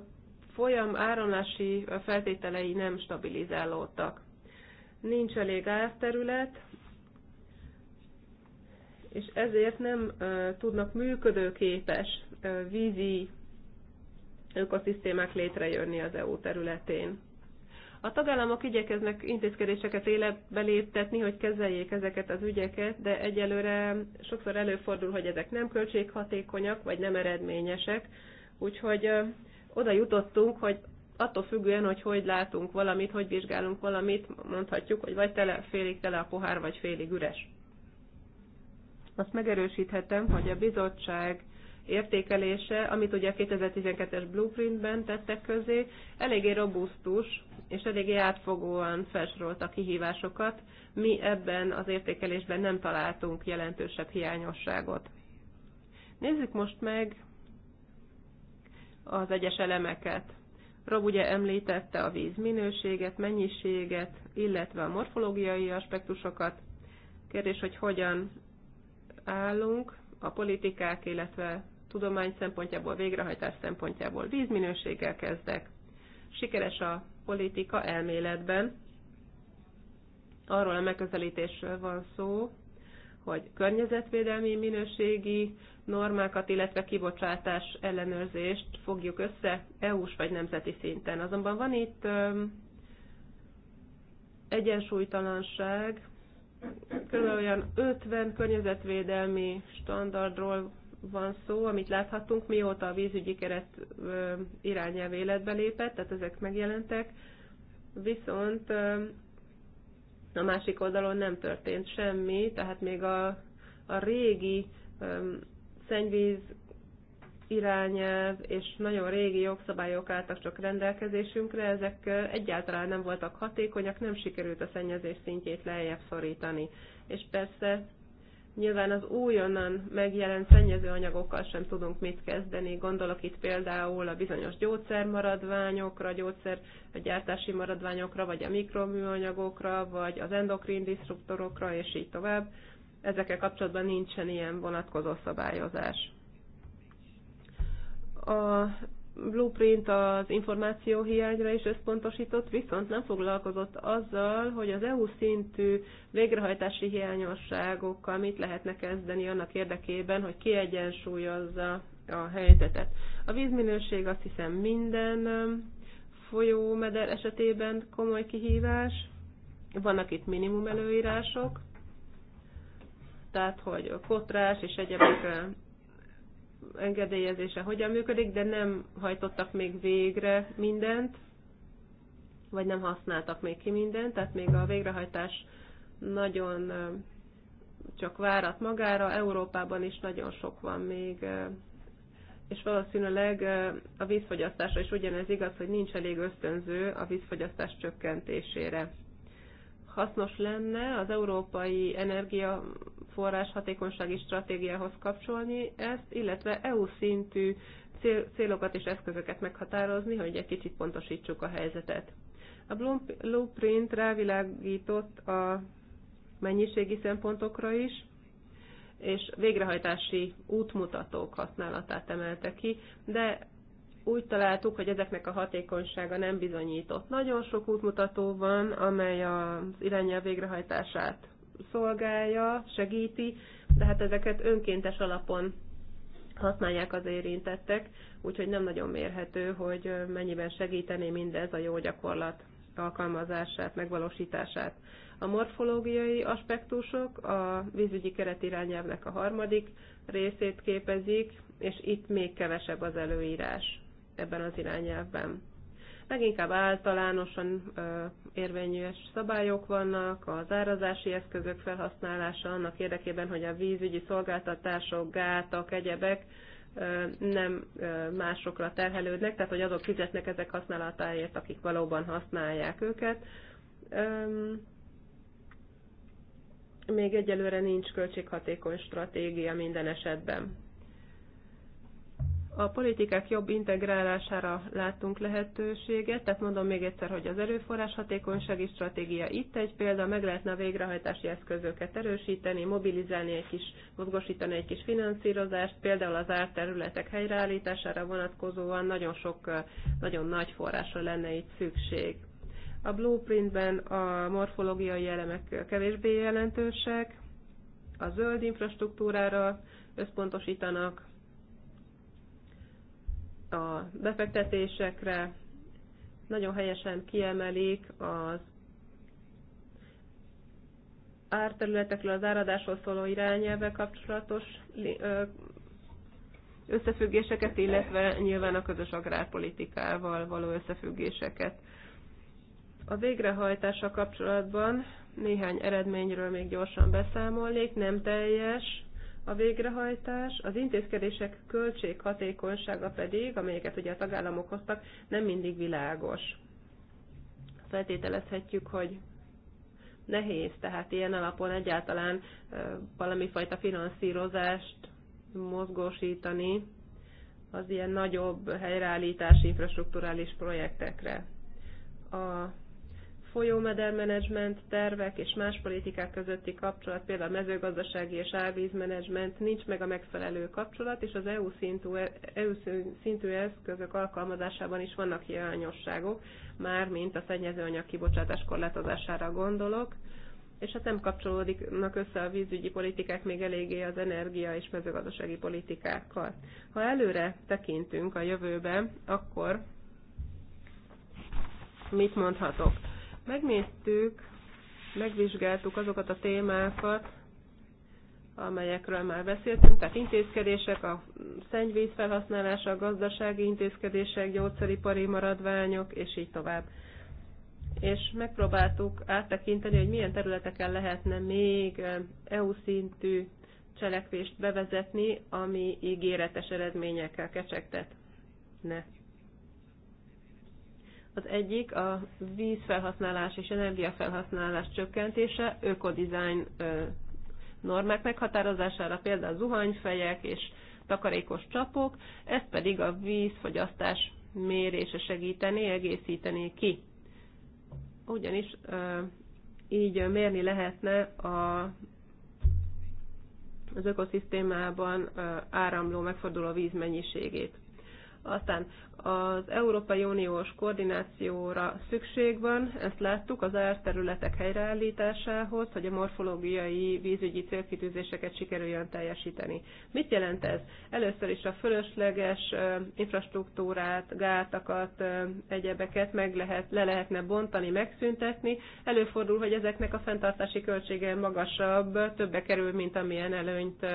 folyam áramlási feltételei nem stabilizálódtak. Nincs elég árterület, és ezért nem tudnak működőképes vízi ökoszisztémák létrejönni az EU területén. A tagállamok igyekeznek intézkedéseket életbe léptetni, hogy kezeljék ezeket az ügyeket, de egyelőre sokszor előfordul, hogy ezek nem költséghatékonyak, vagy nem eredményesek, úgyhogy oda jutottunk, hogy attól függően, hogy hogy látunk valamit, hogy vizsgálunk valamit, mondhatjuk, hogy vagy tele, félig tele a pohár, vagy félig üres azt megerősíthetem, hogy a bizottság értékelése, amit ugye a 2012-es blueprintben tettek közé, eléggé robusztus és eléggé átfogóan felsorolt a kihívásokat. Mi ebben az értékelésben nem találtunk jelentősebb hiányosságot. Nézzük most meg az egyes elemeket. Rob ugye említette a víz minőséget, mennyiséget, illetve a morfológiai aspektusokat. Kérdés, hogy hogyan állunk a politikák, illetve tudomány szempontjából, végrehajtás szempontjából. Vízminőséggel kezdek. Sikeres a politika elméletben. Arról a megközelítésről van szó, hogy környezetvédelmi minőségi normákat, illetve kibocsátás ellenőrzést fogjuk össze EU-s vagy nemzeti szinten. Azonban van itt egyensúlytalanság, kb. olyan 50 környezetvédelmi standardról van szó, amit láthatunk, mióta a vízügyi keret irányelv életbe lépett, tehát ezek megjelentek, viszont a másik oldalon nem történt semmi, tehát még a, a régi szennyvíz irányelv és nagyon régi jogszabályok álltak csak rendelkezésünkre, ezek egyáltalán nem voltak hatékonyak, nem sikerült a szennyezés szintjét lejjebb szorítani. És persze nyilván az újonnan megjelent szennyezőanyagokkal sem tudunk mit kezdeni. Gondolok itt például a bizonyos gyógyszermaradványokra, gyógyszergyártási maradványokra, vagy a mikroműanyagokra, vagy az endokrin disruptorokra és így tovább. Ezekkel kapcsolatban nincsen ilyen vonatkozó szabályozás. A blueprint az információhiányra is összpontosított, viszont nem foglalkozott azzal, hogy az EU szintű végrehajtási hiányosságokkal mit lehetne kezdeni annak érdekében, hogy kiegyensúlyozza a helyzetet. A vízminőség azt hiszem minden um, folyómeder esetében komoly kihívás, vannak itt minimum előírások, tehát hogy kotrás és egyebek engedélyezése hogyan működik, de nem hajtottak még végre mindent, vagy nem használtak még ki mindent, tehát még a végrehajtás nagyon csak várat magára, Európában is nagyon sok van még, és valószínűleg a vízfogyasztásra is ugyanez igaz, hogy nincs elég ösztönző a vízfogyasztás csökkentésére hasznos lenne az európai energiaforrás hatékonysági stratégiához kapcsolni ezt, illetve EU szintű célokat és eszközöket meghatározni, hogy egy kicsit pontosítsuk a helyzetet. A blueprint rávilágított a mennyiségi szempontokra is, és végrehajtási útmutatók használatát emelte ki, de úgy találtuk, hogy ezeknek a hatékonysága nem bizonyított. Nagyon sok útmutató van, amely az irányel végrehajtását szolgálja, segíti, de hát ezeket önkéntes alapon használják az érintettek, úgyhogy nem nagyon mérhető, hogy mennyiben segítené mindez a jó gyakorlat alkalmazását, megvalósítását. A morfológiai aspektusok a vízügyi keretirányelvnek a harmadik részét képezik, és itt még kevesebb az előírás ebben az irányelvben. Leginkább általánosan ö, érvényes szabályok vannak, az árazási eszközök felhasználása annak érdekében, hogy a vízügyi szolgáltatások, gátak, egyebek ö, nem ö, másokra terhelődnek, tehát hogy azok fizetnek ezek használatáért, akik valóban használják őket. Ö, még egyelőre nincs költséghatékony stratégia minden esetben. A politikák jobb integrálására láttunk lehetőséget, tehát mondom még egyszer, hogy az erőforrás hatékonysági stratégia itt egy példa, meg lehetne a végrehajtási eszközöket erősíteni, mobilizálni egy kis, mozgosítani egy kis finanszírozást, például az árterületek helyreállítására vonatkozóan nagyon sok, nagyon nagy forrásra lenne itt szükség. A blueprintben a morfológiai elemek kevésbé jelentősek, a zöld infrastruktúrára összpontosítanak, a befektetésekre, nagyon helyesen kiemelik az árterületekről az áradásról szóló irányelve kapcsolatos összefüggéseket, illetve nyilván a közös agrárpolitikával való összefüggéseket. A végrehajtása kapcsolatban néhány eredményről még gyorsan beszámolnék, nem teljes, a végrehajtás, az intézkedések költséghatékonysága pedig, amelyeket ugye a tagállamok hoztak, nem mindig világos. Feltételezhetjük, hogy nehéz, tehát ilyen alapon egyáltalán valami fajta finanszírozást mozgósítani az ilyen nagyobb helyreállítási infrastruktúrális projektekre. A folyómedermenedzsment tervek és más politikák közötti kapcsolat, például mezőgazdasági és árvízmenedzsment, nincs meg a megfelelő kapcsolat, és az EU szintű, e- EU szintű eszközök alkalmazásában is vannak hiányosságok, már mint a szennyezőanyag kibocsátás korlátozására gondolok, és hát nem kapcsolódnak össze a vízügyi politikák még eléggé az energia és mezőgazdasági politikákkal. Ha előre tekintünk a jövőbe, akkor mit mondhatok? Megnéztük, megvizsgáltuk azokat a témákat, amelyekről már beszéltünk, tehát intézkedések, a szennyvíz felhasználása, a gazdasági intézkedések, gyógyszeripari maradványok, és így tovább. És megpróbáltuk áttekinteni, hogy milyen területeken lehetne még EU szintű cselekvést bevezetni, ami ígéretes eredményekkel kecsegtetne az egyik a vízfelhasználás és energiafelhasználás csökkentése, ökodizájn normák meghatározására, például zuhanyfejek és takarékos csapok, ezt pedig a vízfogyasztás mérése segíteni, egészíteni ki. Ugyanis így mérni lehetne a, az ökoszisztémában áramló, megforduló víz mennyiségét. Aztán az Európai Uniós koordinációra szükség van, ezt láttuk az árterületek helyreállításához, hogy a morfológiai vízügyi célkitűzéseket sikerüljön teljesíteni. Mit jelent ez? Először is a fölösleges infrastruktúrát, gátakat, egyebeket meg lehet, le lehetne bontani, megszüntetni. Előfordul, hogy ezeknek a fenntartási költsége magasabb, többe kerül, mint amilyen előnyt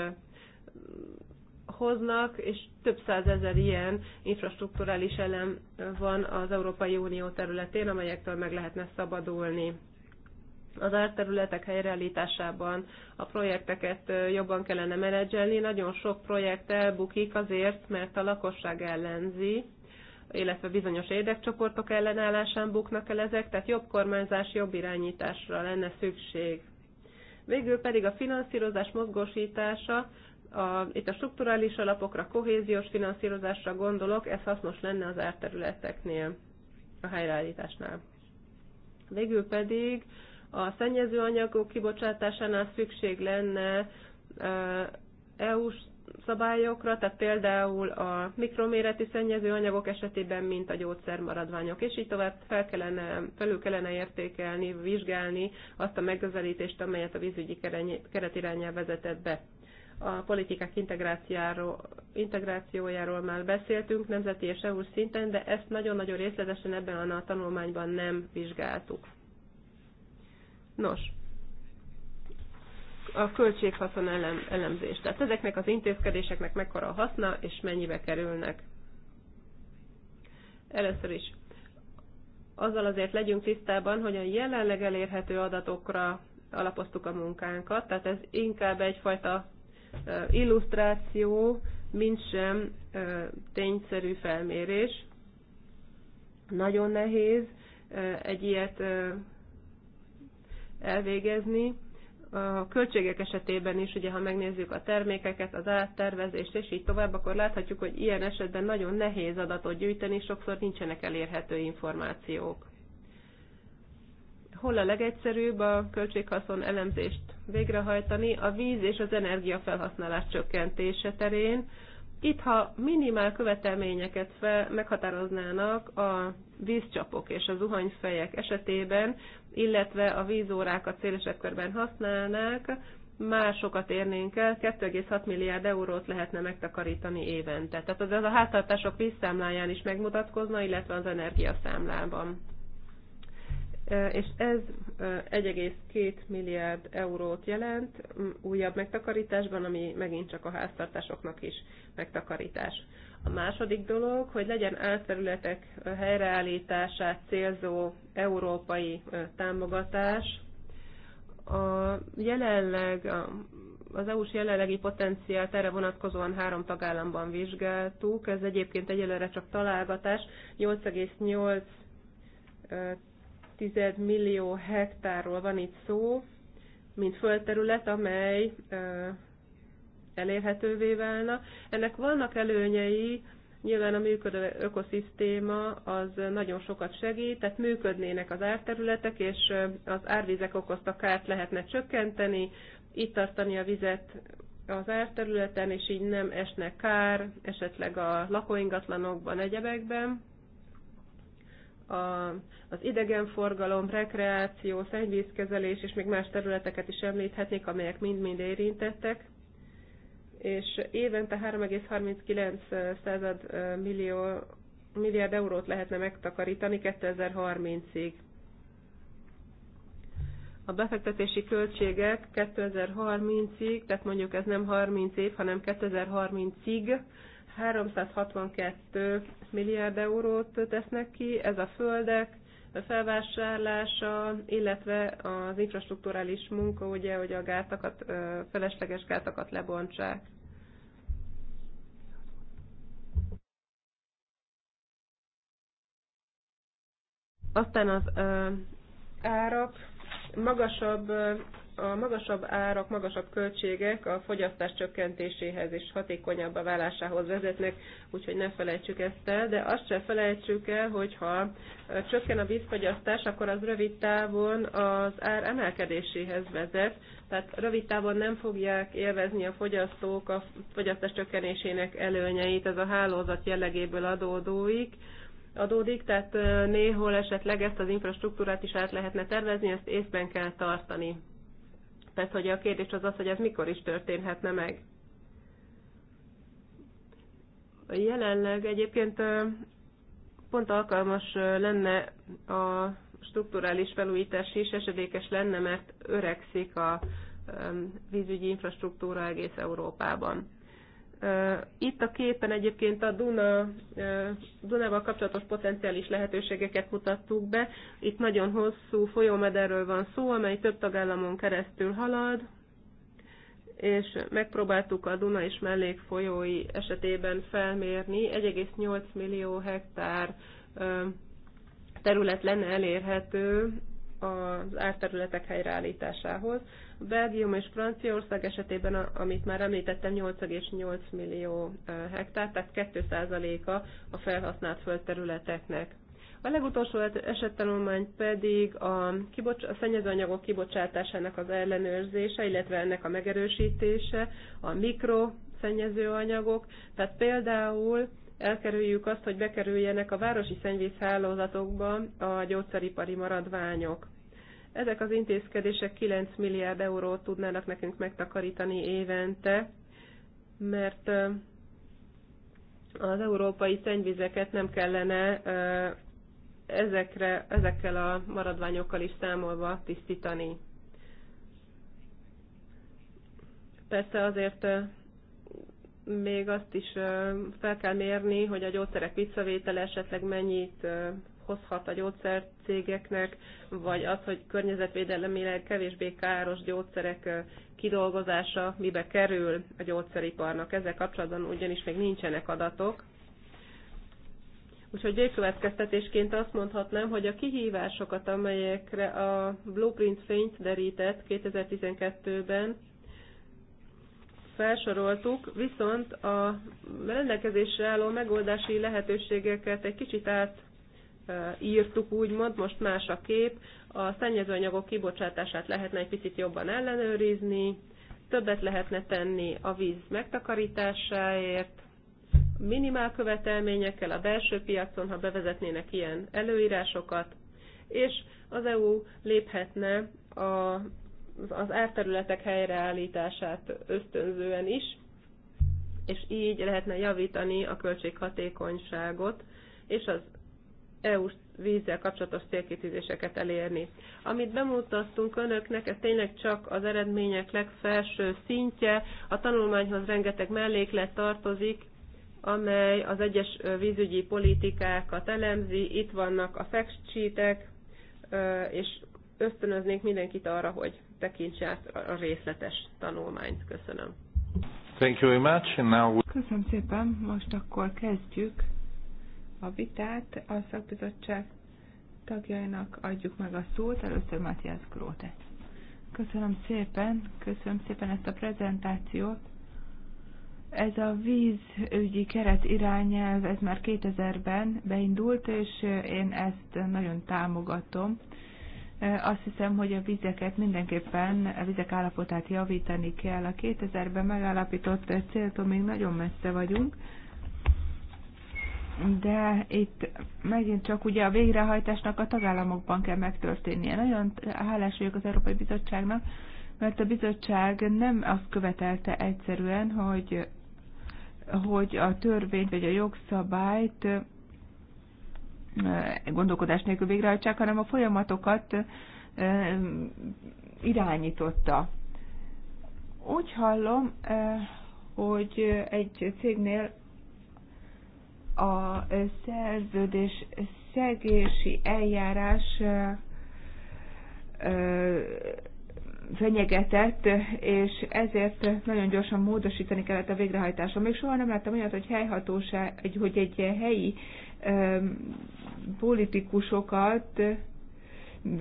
hoznak, és több százezer ilyen infrastruktúrális elem van az Európai Unió területén, amelyektől meg lehetne szabadulni. Az árterületek helyreállításában a projekteket jobban kellene menedzselni. Nagyon sok projekt elbukik azért, mert a lakosság ellenzi, illetve bizonyos érdekcsoportok ellenállásán buknak el ezek, tehát jobb kormányzás, jobb irányításra lenne szükség. Végül pedig a finanszírozás mozgósítása a, itt a strukturális alapokra, kohéziós finanszírozásra gondolok, ez hasznos lenne az árterületeknél, a helyreállításnál. Végül pedig a szennyezőanyagok kibocsátásánál szükség lenne EU-s szabályokra, tehát például a mikroméretű szennyezőanyagok esetében, mint a gyógyszermaradványok, és így tovább fel kellene, felül kellene értékelni, vizsgálni azt a megközelítést, amelyet a vízügyi keretirányel vezetett be a politikák integrációjáról, integrációjáról már beszéltünk nemzeti és EU szinten, de ezt nagyon-nagyon részletesen ebben a tanulmányban nem vizsgáltuk. Nos, a költséghaszon elem, elemzés. Tehát ezeknek az intézkedéseknek mekkora a haszna, és mennyibe kerülnek. Először is azzal azért legyünk tisztában, hogy a jelenleg elérhető adatokra alapoztuk a munkánkat, tehát ez inkább egyfajta illusztráció, mint sem tényszerű felmérés. Nagyon nehéz egy ilyet elvégezni. A költségek esetében is, ugye ha megnézzük a termékeket, az áttervezést és így tovább, akkor láthatjuk, hogy ilyen esetben nagyon nehéz adatot gyűjteni, sokszor nincsenek elérhető információk. Hol a legegyszerűbb a költséghaszon elemzést végrehajtani a víz és az energia felhasználás csökkentése terén. Itt, ha minimál követelményeket fel, meghatároznának a vízcsapok és a zuhanyfejek esetében, illetve a vízórákat szélesebb körben használnák, már sokat érnénk el, 2,6 milliárd eurót lehetne megtakarítani évente. Tehát az a háztartások vízszámláján is megmutatkozna, illetve az energiaszámlában. És ez 1,2 milliárd eurót jelent újabb megtakarításban, ami megint csak a háztartásoknak is megtakarítás. A második dolog, hogy legyen álterületek helyreállítását célzó európai támogatás. A jelenleg az EU-s jelenlegi potenciált erre vonatkozóan három tagállamban vizsgáltuk, ez egyébként egyelőre csak találgatás, 8,8 1,6 millió hektárról van itt szó, mint földterület, amely elérhetővé válna. Ennek vannak előnyei, nyilván a működő ökoszisztéma az nagyon sokat segít, tehát működnének az árterületek, és az árvizek okozta kárt lehetne csökkenteni, itt tartani a vizet az árterületen, és így nem esne kár, esetleg a lakóingatlanokban, egyebekben a, az idegenforgalom, rekreáció, szennyvízkezelés és még más területeket is említhetnék, amelyek mind-mind érintettek. És évente 3,39 millió, milliárd eurót lehetne megtakarítani 2030-ig. A befektetési költségek 2030-ig, tehát mondjuk ez nem 30 év, hanem 2030-ig 362 milliárd eurót tesznek ki, ez a földek felvásárlása, illetve az infrastruktúrális munka, ugye, hogy a gátakat, felesleges gátakat lebontsák. Aztán az árak magasabb a magasabb árak, magasabb költségek a fogyasztás csökkentéséhez és hatékonyabb vállásához vezetnek, úgyhogy ne felejtsük ezt el, de azt se felejtsük el, hogyha csökken a vízfogyasztás, akkor az rövid távon az ár emelkedéséhez vezet, tehát rövid távon nem fogják élvezni a fogyasztók a fogyasztás csökkenésének előnyeit, ez a hálózat jellegéből adódóik, adódik, tehát néhol esetleg ezt az infrastruktúrát is át lehetne tervezni, ezt észben kell tartani. Tehát, hogy a kérdés az az, hogy ez mikor is történhetne meg. Jelenleg egyébként pont alkalmas lenne a strukturális felújítás is, esedékes lenne, mert öregszik a vízügyi infrastruktúra egész Európában. Itt a képen egyébként a Duna, Dunával kapcsolatos potenciális lehetőségeket mutattuk be. Itt nagyon hosszú folyómederről van szó, amely több tagállamon keresztül halad, és megpróbáltuk a Duna és mellékfolyói esetében felmérni. 1,8 millió hektár terület lenne elérhető az árterületek helyreállításához. Belgium és Franciaország esetében, amit már említettem, 8,8 millió hektár, tehát 2%-a a felhasznált földterületeknek. A legutolsó esettanulmány pedig a, a szennyezőanyagok kibocsátásának az ellenőrzése, illetve ennek a megerősítése, a mikro szennyezőanyagok, Tehát például elkerüljük azt, hogy bekerüljenek a városi szennyvízhálózatokba a gyógyszeripari maradványok. Ezek az intézkedések 9 milliárd eurót tudnának nekünk megtakarítani évente, mert az európai szennyvizeket nem kellene ezekre, ezekkel a maradványokkal is számolva tisztítani. Persze azért még azt is fel kell mérni, hogy a gyógyszerek visszavétele esetleg mennyit hozhat a gyógyszercégeknek, vagy az, hogy környezetvédelemileg kevésbé káros gyógyszerek kidolgozása mibe kerül a gyógyszeriparnak. Ezzel kapcsolatban ugyanis még nincsenek adatok. Úgyhogy végkövetkeztetésként azt mondhatnám, hogy a kihívásokat, amelyekre a Blueprint fényt derített 2012-ben, felsoroltuk, viszont a rendelkezésre álló megoldási lehetőségeket egy kicsit átírtuk, írtuk, úgymond, most más a kép, a szennyezőanyagok kibocsátását lehetne egy picit jobban ellenőrizni, többet lehetne tenni a víz megtakarításáért, minimál követelményekkel a belső piacon, ha bevezetnének ilyen előírásokat, és az EU léphetne a az árterületek helyreállítását ösztönzően is, és így lehetne javítani a költséghatékonyságot és az EU-s vízzel kapcsolatos célkitűzéseket elérni. Amit bemutattunk önöknek, ez tényleg csak az eredmények legfelső szintje, a tanulmányhoz rengeteg melléklet tartozik, amely az egyes vízügyi politikákat elemzi, itt vannak a factsheetek, és ösztönöznék mindenkit arra, hogy tekintse át a részletes tanulmányt. Köszönöm. Thank you very much. And now... Köszönöm szépen. Most akkor kezdjük a vitát. A szakbizottság tagjainak adjuk meg a szót. Először Matthias Gróte. Köszönöm szépen. Köszönöm szépen ezt a prezentációt. Ez a vízügyi keret irányelv, ez már 2000-ben beindult, és én ezt nagyon támogatom azt hiszem, hogy a vizeket mindenképpen, a vizek állapotát javítani kell. A 2000-ben megállapított céltól még nagyon messze vagyunk, de itt megint csak ugye a végrehajtásnak a tagállamokban kell megtörténnie. Nagyon hálás vagyok az Európai Bizottságnak, mert a bizottság nem azt követelte egyszerűen, hogy, hogy a törvényt vagy a jogszabályt gondolkodás nélkül végrehajtsák, hanem a folyamatokat irányította. Úgy hallom, hogy egy cégnél a szerződés szegési eljárás fenyegetett, és ezért nagyon gyorsan módosítani kellett a végrehajtáson. Még soha nem láttam olyat, hogy helyhatóság, hogy egy helyi politikusokat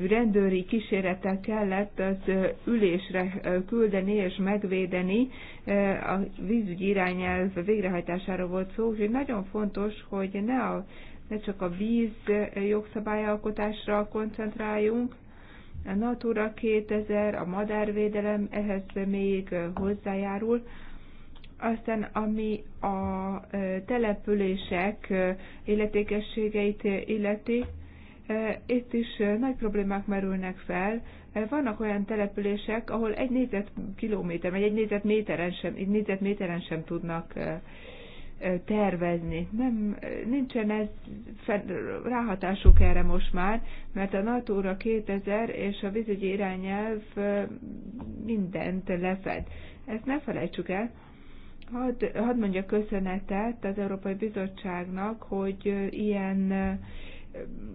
rendőri kíséretel kellett az ülésre küldeni és megvédeni. A vízügyi irányelv végrehajtására volt szó, úgyhogy nagyon fontos, hogy ne, a, ne csak a víz jogszabályalkotásra koncentráljunk, a Natura 2000, a madárvédelem ehhez még hozzájárul, aztán ami a települések illetékességeit illeti, itt is nagy problémák merülnek fel. Vannak olyan települések, ahol egy négyzetkilométer, vagy egy négyzetméteren sem, egy négyzetméteren sem tudnak tervezni. Nem, nincsen ez ráhatásuk erre most már, mert a Natura 2000 és a vízügyi irányelv mindent lefed. Ezt ne felejtsük el. Hadd, hadd mondja köszönetet az Európai Bizottságnak, hogy ilyen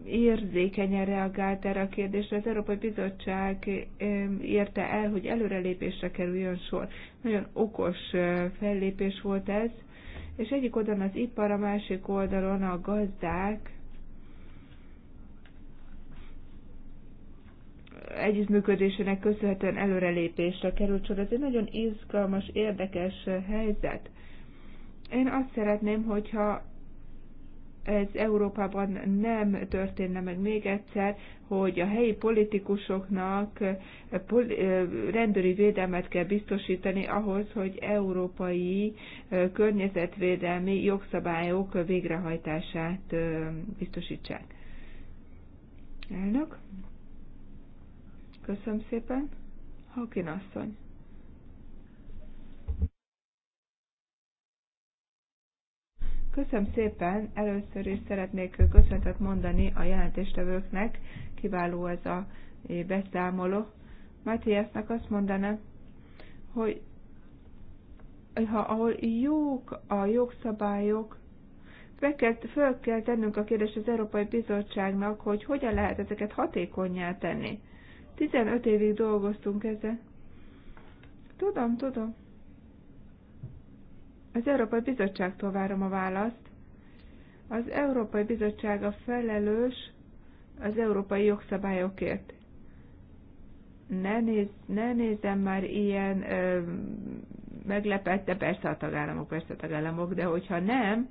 érzékenyen reagált erre a kérdésre. Az Európai Bizottság érte el, hogy előrelépésre kerüljön sor. Nagyon okos fellépés volt ez, és egyik oldalon az ipar, a másik oldalon a gazdák együttműködésének köszönhetően előrelépésre került sor. Ez egy nagyon izgalmas, érdekes helyzet. Én azt szeretném, hogyha ez Európában nem történne meg még egyszer, hogy a helyi politikusoknak rendőri védelmet kell biztosítani ahhoz, hogy európai környezetvédelmi jogszabályok végrehajtását biztosítsák. Elnök? Köszönöm szépen. Hawkin asszony. Köszönöm szépen. Először is szeretnék köszönetet mondani a jelentéstevőknek. Kiváló ez a beszámoló. Matthiasnak azt mondanám, hogy ha ahol jók a jogszabályok, meg kell, föl kell tennünk a kérdést az Európai Bizottságnak, hogy hogyan lehet ezeket hatékonyá tenni. 15 évig dolgoztunk ezzel. Tudom, tudom. Az Európai Bizottságtól várom a választ. Az Európai Bizottság a felelős az európai jogszabályokért. Ne, néz, ne nézem már ilyen ö, meglepette, persze a tagállamok, persze a tagállamok, de hogyha nem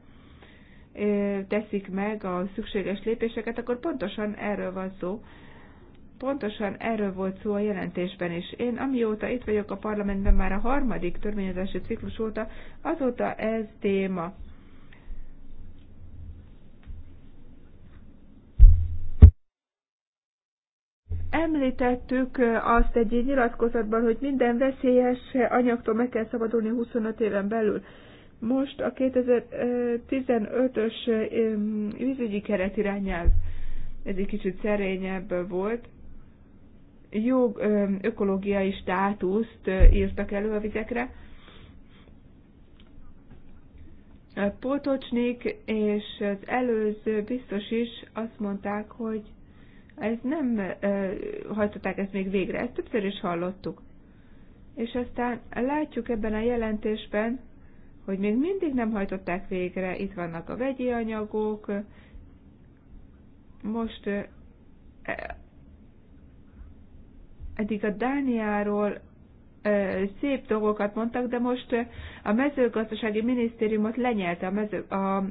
ö, teszik meg a szükséges lépéseket, akkor pontosan erről van szó, Pontosan erről volt szó a jelentésben is. Én amióta itt vagyok a parlamentben, már a harmadik törvényezési ciklus óta, azóta ez téma. Említettük eh, azt egy nyilatkozatban, hogy minden veszélyes anyagtól meg kell szabadulni 25 éven belül. Most a 2015-ös eh, vízügyi keretirányelv ez egy kicsit szerényebb volt, jó ökológiai státuszt írtak elő a vizekre. Potocsnik és az előző biztos is azt mondták, hogy ez nem hajtották ezt még végre, ezt többször is hallottuk. És aztán látjuk ebben a jelentésben, hogy még mindig nem hajtották végre, itt vannak a vegyi anyagok, most eddig a Dániáról szép dolgokat mondtak, de most a mezőgazdasági minisztériumot lenyelte, a, mező, a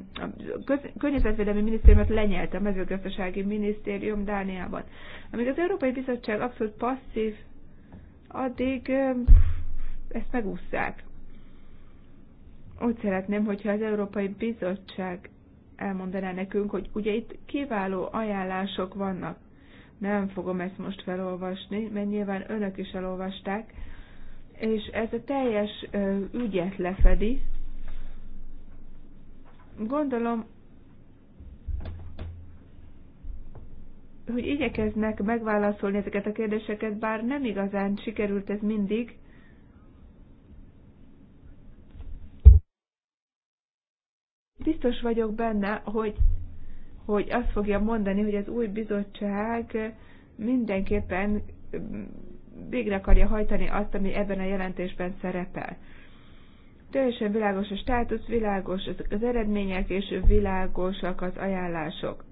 köz, környezetvédelmi minisztériumot lenyelte a mezőgazdasági minisztérium Dániában. Amíg az Európai Bizottság abszolút passzív, addig ezt megúszszák. Úgy szeretném, hogyha az Európai Bizottság elmondaná nekünk, hogy ugye itt kiváló ajánlások vannak, nem fogom ezt most felolvasni, mert nyilván önök is elolvasták, és ez a teljes ügyet lefedi. Gondolom, hogy igyekeznek megválaszolni ezeket a kérdéseket, bár nem igazán sikerült ez mindig. Biztos vagyok benne, hogy hogy azt fogja mondani, hogy az új bizottság mindenképpen végre akarja hajtani azt, ami ebben a jelentésben szerepel. Teljesen világos a státusz, világos az eredmények, és világosak az ajánlások.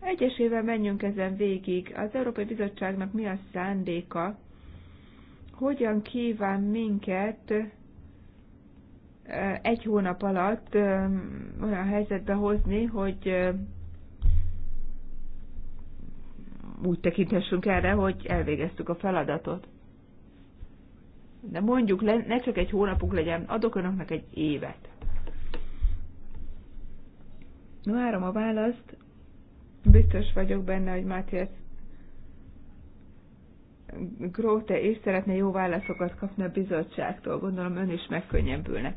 Egyesével menjünk ezen végig. Az Európai Bizottságnak mi a szándéka, hogyan kíván minket egy hónap alatt olyan helyzetbe hozni, hogy úgy tekintessünk erre, hogy elvégeztük a feladatot. De mondjuk, ne csak egy hónapuk legyen, adok önöknek egy évet. No áram a választ, biztos vagyok benne, hogy Mátyás Gróte és szeretne jó válaszokat kapni a bizottságtól. Gondolom ön is megkönnyebbülne.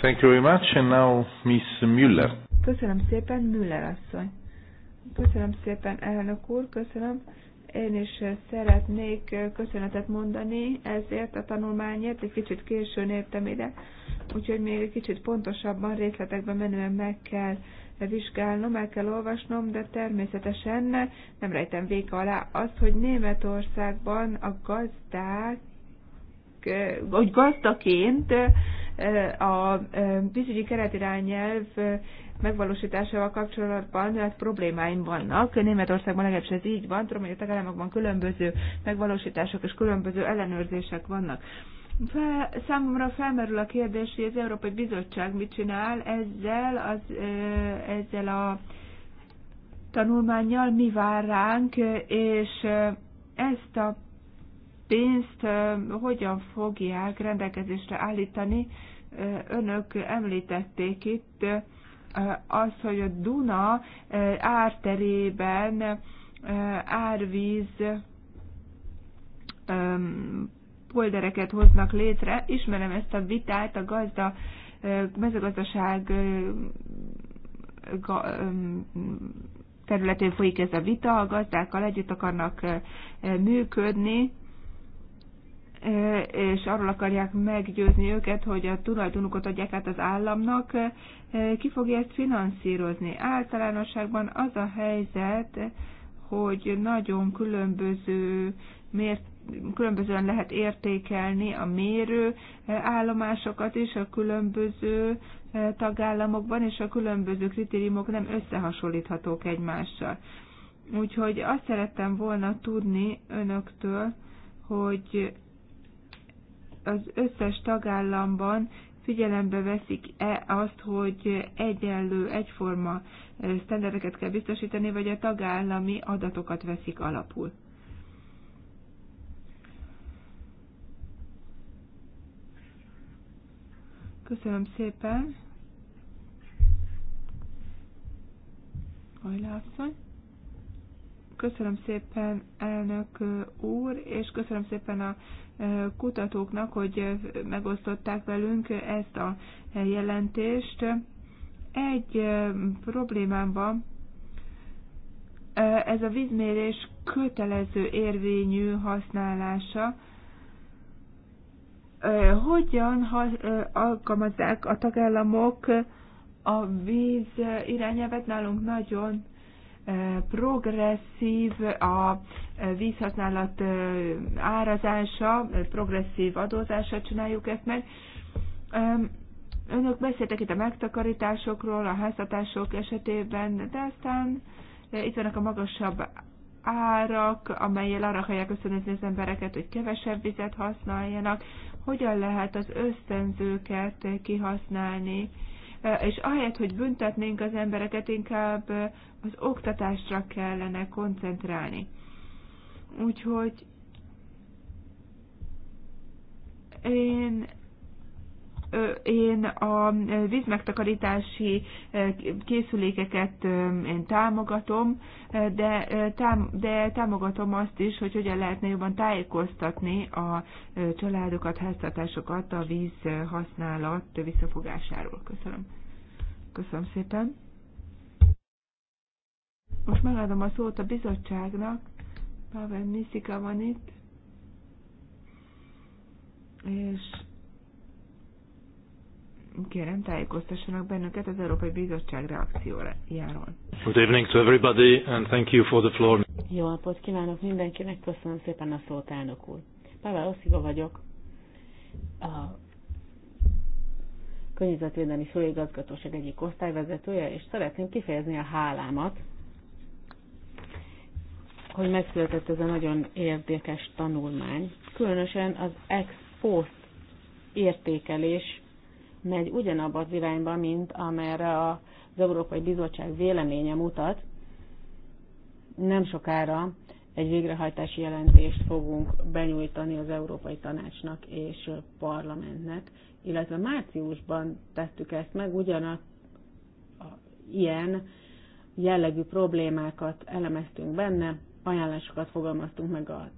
Thank you very much. And now Miss Müller. Köszönöm szépen, Müller asszony. Köszönöm szépen, elnök úr, köszönöm. Én is szeretnék köszönetet mondani ezért a tanulmányért, egy kicsit későn értem ide, úgyhogy még egy kicsit pontosabban, részletekben menően meg kell vizsgálnom, el kell olvasnom, de természetesen nem rejtem véka alá azt, hogy Németországban a gazdák, hogy gazdaként a vízügyi keretirányelv megvalósításával kapcsolatban hát problémáim vannak. Németországban legalábbis ez így van, tudom, hogy a tagállamokban különböző megvalósítások és különböző ellenőrzések vannak. Fel, számomra felmerül a kérdés, hogy az Európai Bizottság mit csinál ezzel, az, ezzel a tanulmányjal, mi vár ránk, és ezt a pénzt hogyan fogják rendelkezésre állítani. Önök említették itt az, hogy a Duna árterében árvíz poldereket hoznak létre. Ismerem ezt a vitát a gazda, mezőgazdaság területén folyik ez a vita, a gazdákkal együtt akarnak működni, és arról akarják meggyőzni őket, hogy a tulajdonukat adják át az államnak, ki fogja ezt finanszírozni? Általánosságban az a helyzet, hogy nagyon különböző mért, különbözően lehet értékelni a mérő állomásokat is a különböző tagállamokban, és a különböző kritériumok nem összehasonlíthatók egymással. Úgyhogy azt szerettem volna tudni önöktől, hogy az összes tagállamban figyelembe veszik-e azt, hogy egyenlő, egyforma eh, sztendereket kell biztosítani, vagy a tagállami adatokat veszik alapul. Köszönöm szépen. Hajlá Köszönöm szépen, elnök eh, úr, és köszönöm szépen a kutatóknak, hogy megosztották velünk ezt a jelentést. Egy problémám van, ez a vízmérés kötelező érvényű használása. Hogyan alkalmazzák a tagállamok a víz irányelvet nálunk nagyon progresszív a vízhasználat árazása, progresszív adózással csináljuk ezt meg. Önök beszéltek itt a megtakarításokról, a háztatások esetében, de aztán itt vannak a magasabb árak, amelyel arra hallják ösztönözni az embereket, hogy kevesebb vizet használjanak, hogyan lehet az ösztönzőket kihasználni, és ahelyett, hogy büntetnénk az embereket, inkább az oktatásra kellene koncentrálni. Úgyhogy én én a vízmegtakarítási készülékeket én támogatom, de, tám, de támogatom azt is, hogy hogyan lehetne jobban tájékoztatni a családokat, háztartásokat a víz használat visszafogásáról. Köszönöm. Köszönöm szépen. Most megadom a szót a bizottságnak. Pavel Miszika van itt. És Kérem, tájékoztassanak bennünket az Európai Bizottság reakciójáról. Good evening to everybody, and thank you for the floor. Jó napot kívánok mindenkinek, köszönöm szépen a szót, elnök úr. Pavel Osziga vagyok, a Környezetvédelmi Főigazgatóság egyik osztályvezetője, és szeretném kifejezni a hálámat, hogy megszületett ez a nagyon érdekes tanulmány. Különösen az ex post értékelés megy ugyanabba az irányba, mint amerre az Európai Bizottság véleménye mutat. Nem sokára egy végrehajtási jelentést fogunk benyújtani az Európai Tanácsnak és Parlamentnek, illetve márciusban tettük ezt meg, ugyanak ilyen jellegű problémákat elemeztünk benne, ajánlásokat fogalmaztunk meg a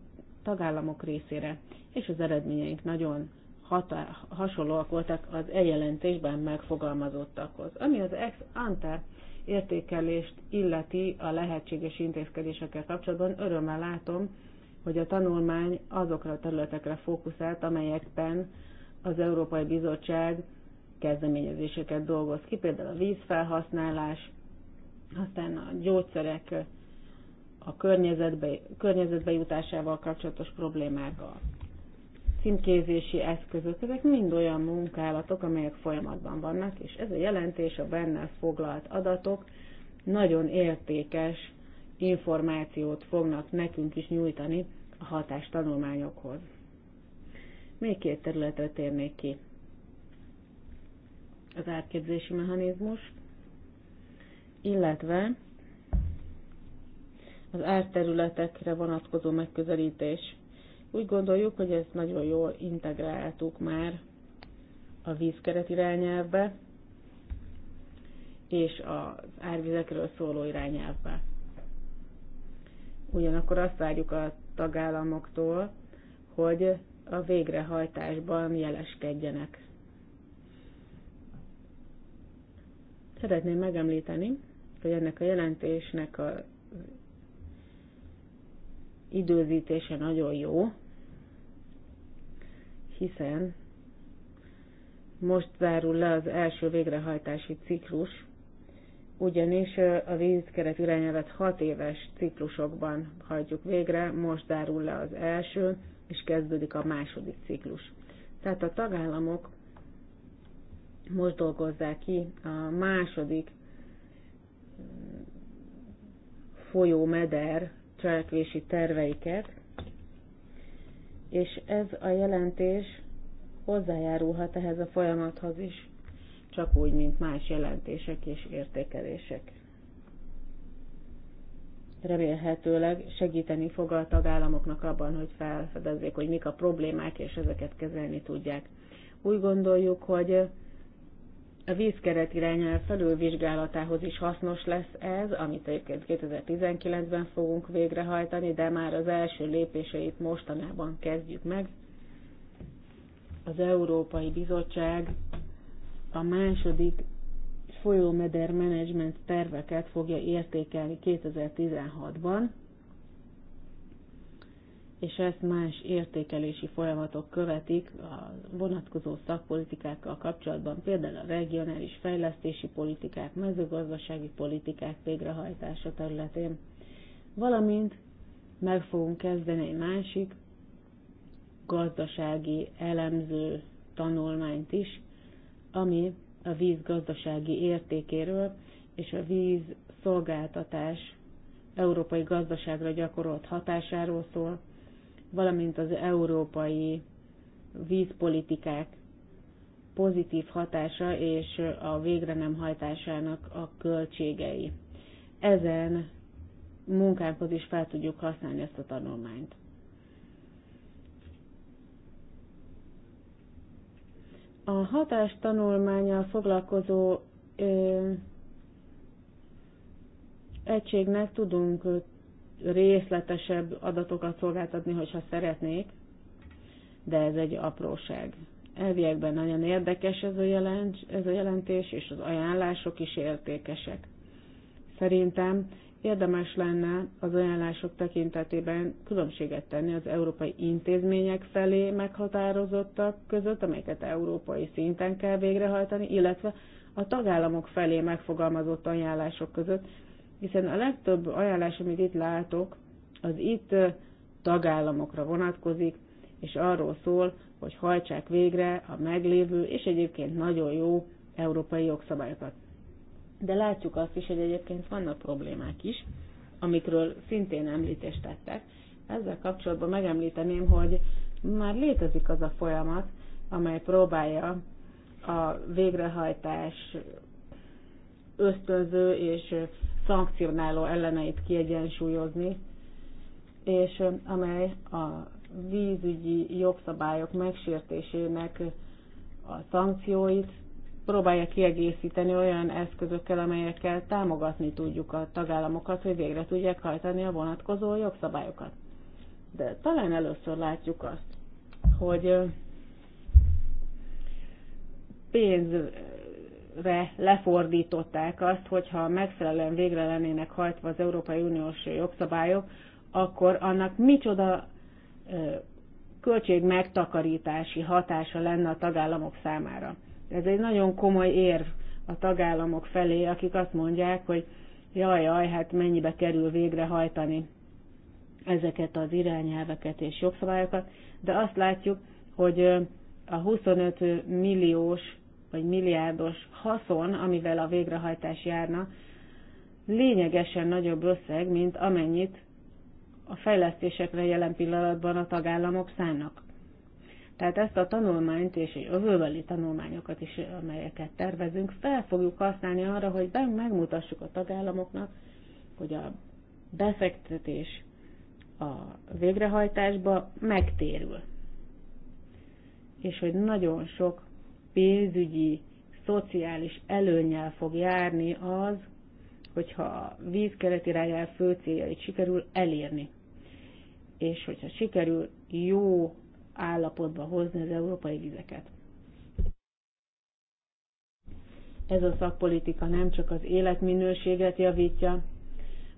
tagállamok részére, és az eredményeink nagyon hatá, hasonlóak voltak az eljelentésben megfogalmazottakhoz. Ami az ex ante értékelést illeti a lehetséges intézkedésekkel kapcsolatban, örömmel látom, hogy a tanulmány azokra a területekre fókuszált, amelyekben az Európai Bizottság kezdeményezéseket dolgoz ki, például a vízfelhasználás, aztán a gyógyszerek a környezetbe, környezetbe jutásával kapcsolatos problémák, a címkézési eszközök, ezek mind olyan munkálatok, amelyek folyamatban vannak, és ez a jelentés, a benne foglalt adatok nagyon értékes információt fognak nekünk is nyújtani a hatástanulmányokhoz. Még két területre térnék ki. Az átképzési mechanizmus, illetve az árterületekre vonatkozó megközelítés úgy gondoljuk, hogy ezt nagyon jól integráltuk már a vízkeret irányelvbe és az árvizekről szóló irányelvbe. Ugyanakkor azt várjuk a tagállamoktól, hogy a végrehajtásban jeleskedjenek. Szeretném megemlíteni, hogy ennek a jelentésnek a időzítése nagyon jó, hiszen most zárul le az első végrehajtási ciklus, ugyanis a vízkeret irányelvet 6 éves ciklusokban hajtjuk végre, most zárul le az első, és kezdődik a második ciklus. Tehát a tagállamok most dolgozzák ki a második folyómeder cselekvési terveiket, és ez a jelentés hozzájárulhat ehhez a folyamathoz is, csak úgy, mint más jelentések és értékelések. Remélhetőleg segíteni fog a tagállamoknak abban, hogy felfedezzék, hogy mik a problémák, és ezeket kezelni tudják. Úgy gondoljuk, hogy a vízkeret irányára felülvizsgálatához is hasznos lesz ez, amit egyébként 2019-ben fogunk végrehajtani, de már az első lépéseit mostanában kezdjük meg. Az Európai Bizottság a második folyómeder menedzsment terveket fogja értékelni 2016-ban, és ezt más értékelési folyamatok követik a vonatkozó szakpolitikákkal kapcsolatban, például a regionális fejlesztési politikák, mezőgazdasági politikák végrehajtása területén, valamint meg fogunk kezdeni egy másik gazdasági elemző tanulmányt is, ami a víz gazdasági értékéről és a víz szolgáltatás európai gazdaságra gyakorolt hatásáról szól, valamint az európai vízpolitikák pozitív hatása és a végre nem hajtásának a költségei. Ezen munkánkhoz is fel tudjuk használni ezt a tanulmányt. A hatás tanulmányal foglalkozó ö, egységnek tudunk részletesebb adatokat szolgáltatni, hogyha szeretnék, de ez egy apróság. Elviekben nagyon érdekes ez a, jelent, ez a jelentés, és az ajánlások is értékesek. Szerintem érdemes lenne az ajánlások tekintetében különbséget tenni az európai intézmények felé meghatározottak között, amelyeket európai szinten kell végrehajtani, illetve a tagállamok felé megfogalmazott ajánlások között, hiszen a legtöbb ajánlás, amit itt látok, az itt tagállamokra vonatkozik, és arról szól, hogy hajtsák végre a meglévő és egyébként nagyon jó európai jogszabályokat. De látjuk azt is, hogy egyébként vannak problémák is, amikről szintén említést tettek. Ezzel kapcsolatban megemlíteném, hogy már létezik az a folyamat, amely próbálja a végrehajtás ösztönző és szankcionáló elleneit kiegyensúlyozni, és amely a vízügyi jogszabályok megsértésének a szankcióit próbálja kiegészíteni olyan eszközökkel, amelyekkel támogatni tudjuk a tagállamokat, hogy végre tudják hajtani a vonatkozó jogszabályokat. De talán először látjuk azt, hogy pénz re lefordították azt, hogyha megfelelően végre lennének hajtva az Európai Uniós jogszabályok, akkor annak micsoda költség megtakarítási hatása lenne a tagállamok számára. Ez egy nagyon komoly érv a tagállamok felé, akik azt mondják, hogy jaj, jaj, hát mennyibe kerül végrehajtani ezeket az irányelveket és jogszabályokat, de azt látjuk, hogy a 25 milliós vagy milliárdos haszon, amivel a végrehajtás járna, lényegesen nagyobb összeg, mint amennyit a fejlesztésekre jelen pillanatban a tagállamok szánnak. Tehát ezt a tanulmányt és a jövőbeli tanulmányokat is, amelyeket tervezünk, fel fogjuk használni arra, hogy megmutassuk a tagállamoknak, hogy a befektetés a végrehajtásba megtérül. És hogy nagyon sok pénzügyi, szociális előnyel fog járni az, hogyha a vízkeret rájár fő céljait sikerül elérni. És hogyha sikerül jó állapotba hozni az európai vizeket. Ez a szakpolitika nem csak az életminőséget javítja,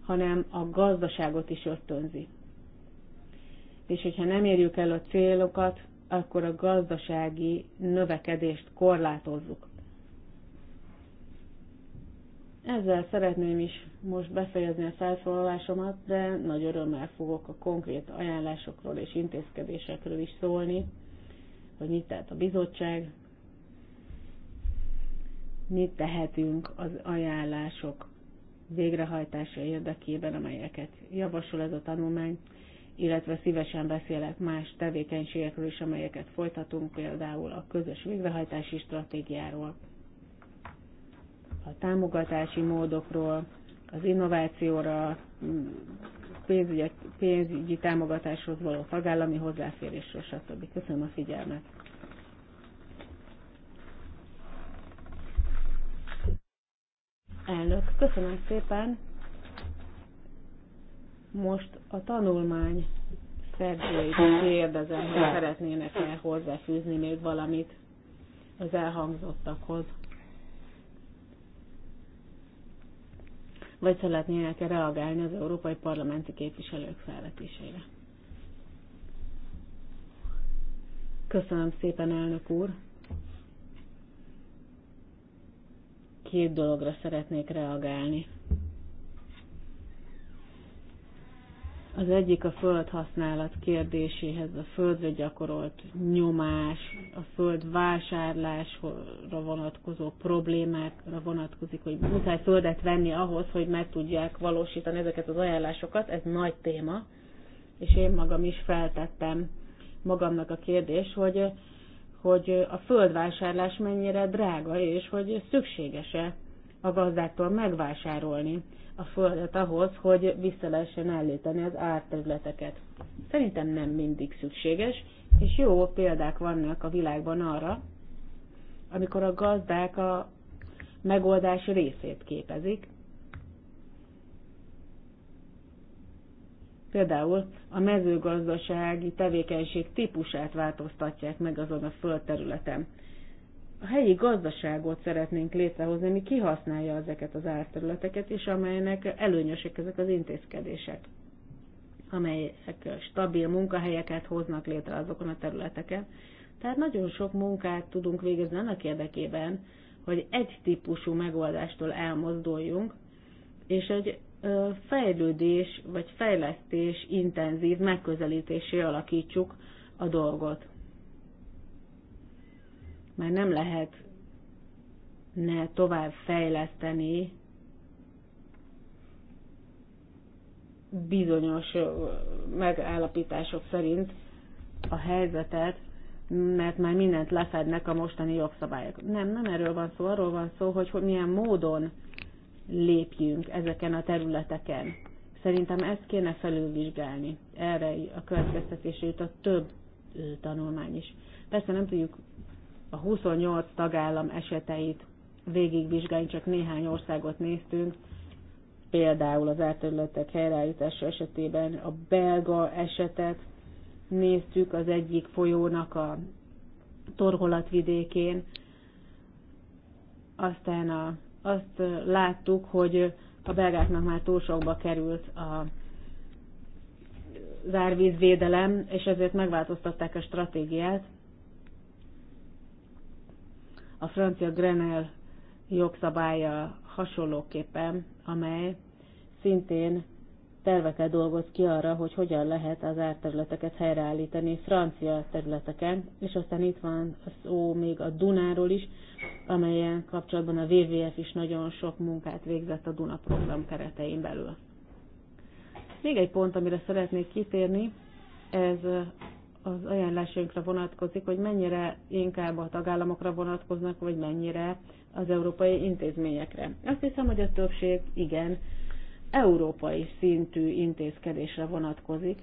hanem a gazdaságot is ösztönzi. És hogyha nem érjük el a célokat, akkor a gazdasági növekedést korlátozzuk. Ezzel szeretném is most befejezni a felszólalásomat, de nagy örömmel fogok a konkrét ajánlásokról és intézkedésekről is szólni, hogy mit tehet a bizottság, mit tehetünk az ajánlások végrehajtása érdekében, amelyeket javasol ez a tanulmány, illetve szívesen beszélek más tevékenységekről is, amelyeket folytatunk, például a közös végrehajtási stratégiáról, a támogatási módokról, az innovációra, pénzügyi, pénzügyi támogatáshoz való tagállami hozzáférésről, stb. Köszönöm a figyelmet! Elnök, köszönöm szépen! Most a tanulmány szerzőit kérdezem, hogy szeretnének-e hozzáfűzni még valamit az elhangzottakhoz. Vagy szeretnének-e reagálni az európai parlamenti képviselők felvetésére. Köszönöm szépen, elnök úr! Két dologra szeretnék reagálni. Az egyik a földhasználat kérdéséhez, a földre gyakorolt nyomás, a föld vásárlásra vonatkozó problémákra vonatkozik, hogy muszáj földet venni ahhoz, hogy meg tudják valósítani ezeket az ajánlásokat, ez nagy téma, és én magam is feltettem magamnak a kérdés, hogy, hogy a földvásárlás mennyire drága, és hogy szükséges-e a gazdáktól megvásárolni a földet ahhoz, hogy vissza lehessen állítani az árterületeket. Szerintem nem mindig szükséges, és jó példák vannak a világban arra, amikor a gazdák a megoldás részét képezik. Például a mezőgazdasági tevékenység típusát változtatják meg azon a földterületen. A helyi gazdaságot szeretnénk létrehozni, ami kihasználja ezeket az árterületeket, és amelynek előnyösek ezek az intézkedések, amelyek stabil munkahelyeket hoznak létre azokon a területeken. Tehát nagyon sok munkát tudunk végezni annak érdekében, hogy egy típusú megoldástól elmozduljunk, és egy fejlődés vagy fejlesztés intenzív megközelítésé alakítsuk a dolgot mert nem lehet ne tovább fejleszteni bizonyos megállapítások szerint a helyzetet, mert már mindent lefednek a mostani jogszabályok. Nem, nem erről van szó, arról van szó, hogy milyen módon lépjünk ezeken a területeken. Szerintem ezt kéne felülvizsgálni. Erre a következtetésre jut a több tanulmány is. Persze nem tudjuk a 28 tagállam eseteit végigvizsgálni, csak néhány országot néztünk, például az elterületek helyreállítása esetében a belga esetet néztük az egyik folyónak a torholatvidékén, aztán a, azt láttuk, hogy a belgáknak már túl sokba került a zárvízvédelem, és ezért megváltoztatták a stratégiát, a francia Grenel jogszabálya hasonlóképpen, amely szintén terveket dolgoz ki arra, hogy hogyan lehet az árterületeket helyreállítani francia területeken, és aztán itt van szó még a Dunáról is, amelyen kapcsolatban a WWF is nagyon sok munkát végzett a Duna program keretein belül. Még egy pont, amire szeretnék kitérni, ez az ajánlásainkra vonatkozik, hogy mennyire inkább a tagállamokra vonatkoznak, vagy mennyire az európai intézményekre. Azt hiszem, hogy a többség igen, európai szintű intézkedésre vonatkozik,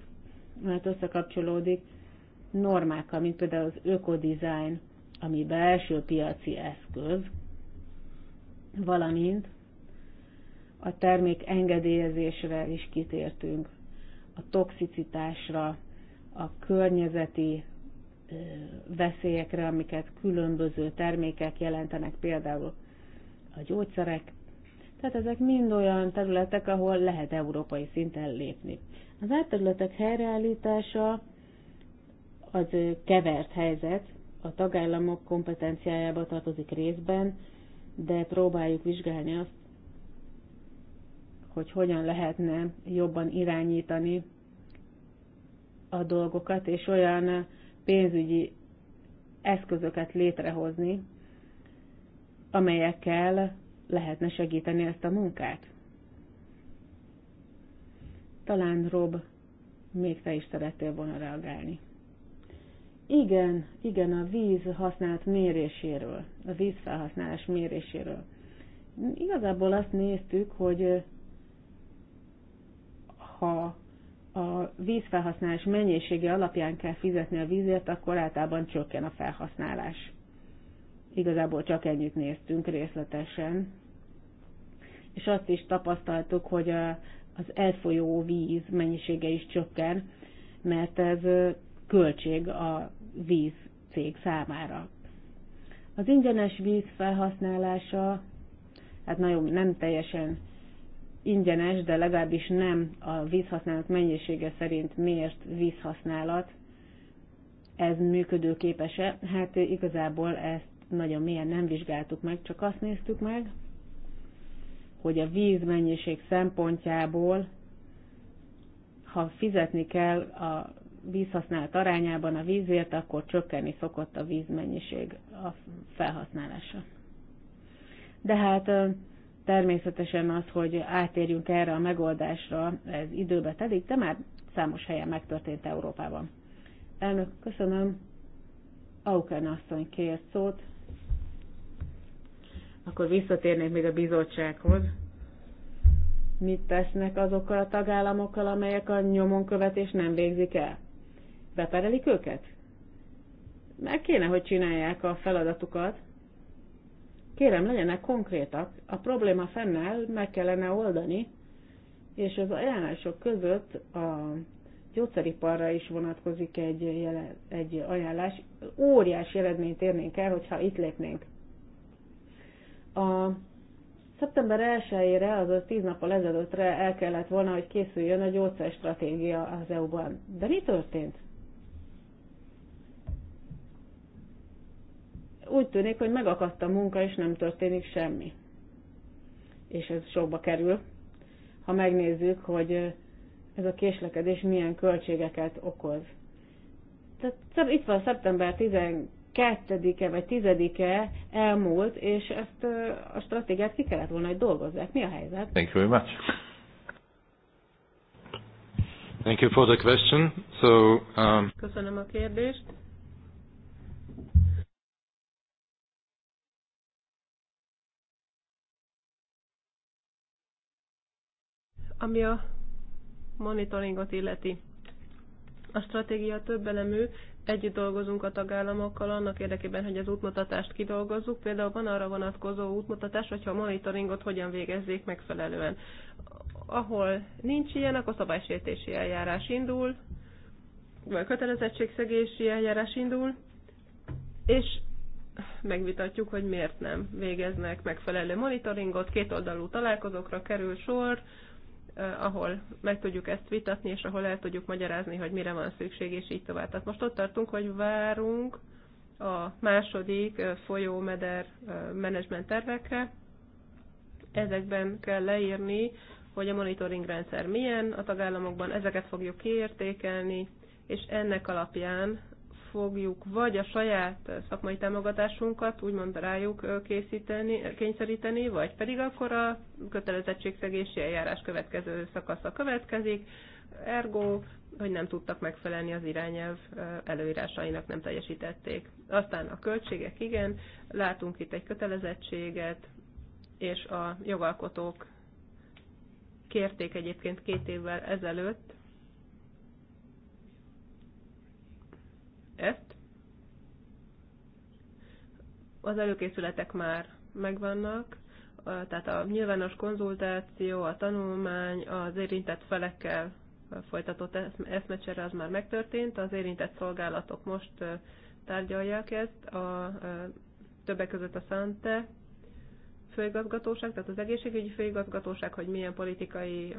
mert összekapcsolódik normákkal, mint például az ökodizájn, ami belső piaci eszköz, valamint a termék engedélyezésre is kitértünk, a toxicitásra, a környezeti veszélyekre, amiket különböző termékek jelentenek, például a gyógyszerek. Tehát ezek mind olyan területek, ahol lehet európai szinten lépni. Az átterületek helyreállítása az kevert helyzet, a tagállamok kompetenciájába tartozik részben, de próbáljuk vizsgálni azt, hogy hogyan lehetne jobban irányítani a dolgokat, és olyan pénzügyi eszközöket létrehozni, amelyekkel lehetne segíteni ezt a munkát. Talán Rob, még te is szerettél volna reagálni. Igen, igen, a víz használat méréséről, a vízfelhasználás méréséről. Igazából azt néztük, hogy ha a vízfelhasználás mennyisége alapján kell fizetni a vízért, akkor általában csökken a felhasználás. Igazából csak ennyit néztünk részletesen. És azt is tapasztaltuk, hogy a az elfolyó víz mennyisége is csökken, mert ez költség a víz cég számára. Az ingyenes víz felhasználása, hát nagyon nem teljesen ingyenes, de legalábbis nem a vízhasználat mennyisége szerint miért vízhasználat, ez működőképes-e? Hát igazából ezt nagyon mélyen nem vizsgáltuk meg, csak azt néztük meg, hogy a vízmennyiség szempontjából, ha fizetni kell a vízhasználat arányában a vízért, akkor csökkenni szokott a vízmennyiség a felhasználása. De hát Természetesen az, hogy átérjünk erre a megoldásra, ez időbe telik, de már számos helyen megtörtént Európában. Elnök, köszönöm. Auken asszony kért szót. Akkor visszatérnék még a bizottsághoz. Mit tesznek azokkal a tagállamokkal, amelyek a nyomon követés nem végzik el? Beperelik őket? Meg kéne, hogy csinálják a feladatukat, Kérem, legyenek konkrétak. A probléma fennáll, meg kellene oldani, és az ajánlások között a gyógyszeriparra is vonatkozik egy, jele, egy ajánlás. Óriási eredményt érnénk el, hogyha itt lépnénk. A szeptember 1-ére, azaz 10 nappal ezelőttre el kellett volna, hogy készüljön a gyógyszerstratégia az EU-ban. De mi történt? úgy tűnik, hogy megakadt a munka, és nem történik semmi. És ez sokba kerül, ha megnézzük, hogy ez a késlekedés milyen költségeket okoz. Tehát itt van szeptember 12-e vagy 10-e elmúlt, és ezt a stratégiát ki kellett volna, hogy dolgozzák. Mi a helyzet? Thank you very much. Thank you for the question. So, um... Köszönöm a kérdést Ami a monitoringot illeti. A stratégia több elemű, együtt dolgozunk a tagállamokkal annak érdekében, hogy az útmutatást kidolgozzuk. Például van arra vonatkozó útmutatás, hogyha a monitoringot hogyan végezzék megfelelően. Ahol nincs ilyen, akkor szabálysértési eljárás indul, vagy kötelezettségszegési eljárás indul, és megvitatjuk, hogy miért nem végeznek megfelelő monitoringot, kétoldalú találkozókra kerül sor, ahol meg tudjuk ezt vitatni, és ahol el tudjuk magyarázni, hogy mire van szükség, és így tovább. Tehát most ott tartunk, hogy várunk a második folyómeder menedzsment tervekre. Ezekben kell leírni, hogy a monitoring rendszer milyen a tagállamokban, ezeket fogjuk kiértékelni, és ennek alapján fogjuk vagy a saját szakmai támogatásunkat úgymond rájuk készíteni, kényszeríteni, vagy pedig akkor a kötelezettségszegési eljárás következő szakasza következik, ergo, hogy nem tudtak megfelelni az irányelv előírásainak, nem teljesítették. Aztán a költségek, igen, látunk itt egy kötelezettséget, és a jogalkotók kérték egyébként két évvel ezelőtt, ezt. Az előkészületek már megvannak, tehát a nyilvános konzultáció, a tanulmány, az érintett felekkel folytatott eszmecsere az már megtörtént, az érintett szolgálatok most tárgyalják ezt, a, többek között a Szante főigazgatóság, tehát az egészségügyi főigazgatóság, hogy milyen politikai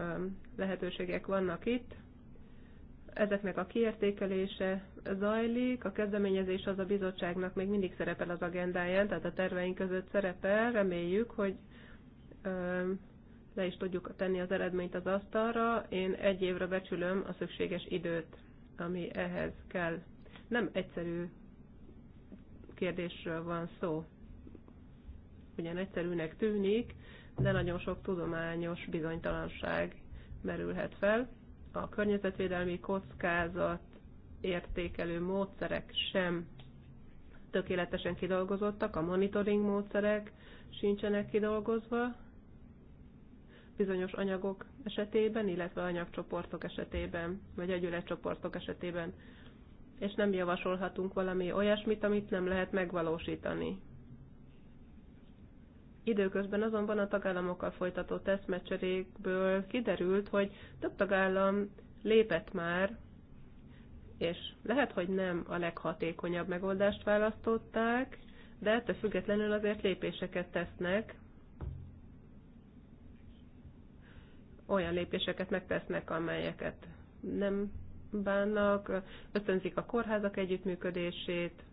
lehetőségek vannak itt, ezeknek a kiértékelése zajlik, a kezdeményezés az a bizottságnak még mindig szerepel az agendáján, tehát a terveink között szerepel, reméljük, hogy le is tudjuk tenni az eredményt az asztalra. Én egy évre becsülöm a szükséges időt, ami ehhez kell. Nem egyszerű kérdésről van szó. Ugyan egyszerűnek tűnik, de nagyon sok tudományos bizonytalanság merülhet fel a környezetvédelmi kockázat értékelő módszerek sem tökéletesen kidolgozottak, a monitoring módszerek sincsenek kidolgozva bizonyos anyagok esetében, illetve anyagcsoportok esetében, vagy együletcsoportok esetében, és nem javasolhatunk valami olyasmit, amit nem lehet megvalósítani. Időközben azonban a tagállamokkal folytatott eszmecserékből kiderült, hogy több tagállam lépett már, és lehet, hogy nem a leghatékonyabb megoldást választották, de ettől függetlenül azért lépéseket tesznek, olyan lépéseket megtesznek, amelyeket nem bánnak, ösztönzik a kórházak együttműködését,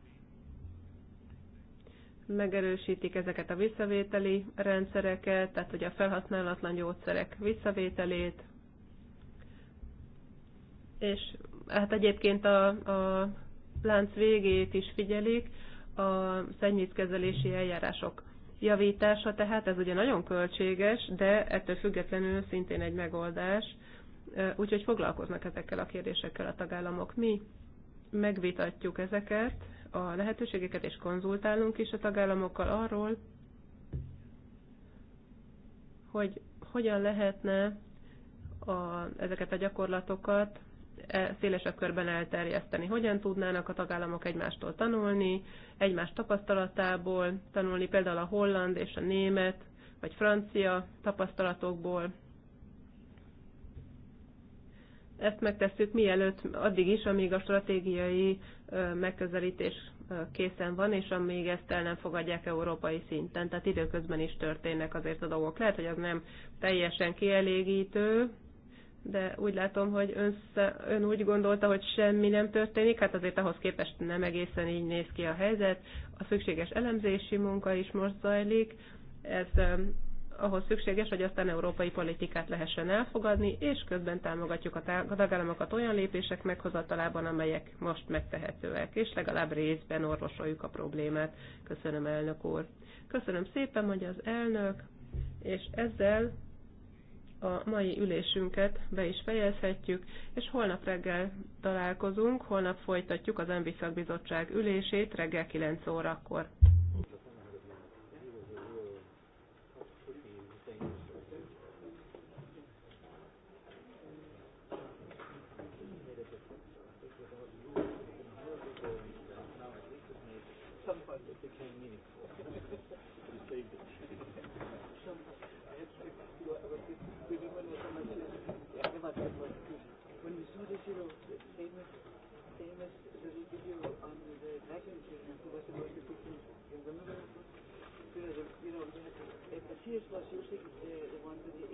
megerősítik ezeket a visszavételi rendszereket, tehát hogy a felhasználatlan gyógyszerek visszavételét, és hát egyébként a, a lánc végét is figyelik, a szennyvízkezelési eljárások javítása, tehát ez ugye nagyon költséges, de ettől függetlenül szintén egy megoldás, úgyhogy foglalkoznak ezekkel a kérdésekkel a tagállamok. Mi megvitatjuk ezeket, a lehetőségeket, és konzultálunk is a tagállamokkal arról, hogy hogyan lehetne a, ezeket a gyakorlatokat e szélesebb körben elterjeszteni. Hogyan tudnának a tagállamok egymástól tanulni, egymás tapasztalatából tanulni, például a holland és a német, vagy francia tapasztalatokból. Ezt megtesszük mielőtt, addig is, amíg a stratégiai megközelítés készen van, és amíg ezt el nem fogadják európai szinten, tehát időközben is történnek azért a dolgok. Lehet, hogy az nem teljesen kielégítő, de úgy látom, hogy ön, ön úgy gondolta, hogy semmi nem történik, hát azért ahhoz képest nem egészen így néz ki a helyzet. A szükséges elemzési munka is most zajlik, ez ahhoz szükséges, hogy aztán európai politikát lehessen elfogadni, és közben támogatjuk a tagállamokat olyan lépések meghozatalában, amelyek most megtehetőek, és legalább részben orvosoljuk a problémát. Köszönöm, elnök úr. Köszönöm szépen, hogy az elnök, és ezzel a mai ülésünket be is fejezhetjük, és holnap reggel találkozunk, holnap folytatjuk az MV szakbizottság ülését reggel 9 órakor. you know, same as, same as the video on the vacuum cleaner who was supposed to pick me. You remember? You know, the, you know the, the CS was using the, the one with the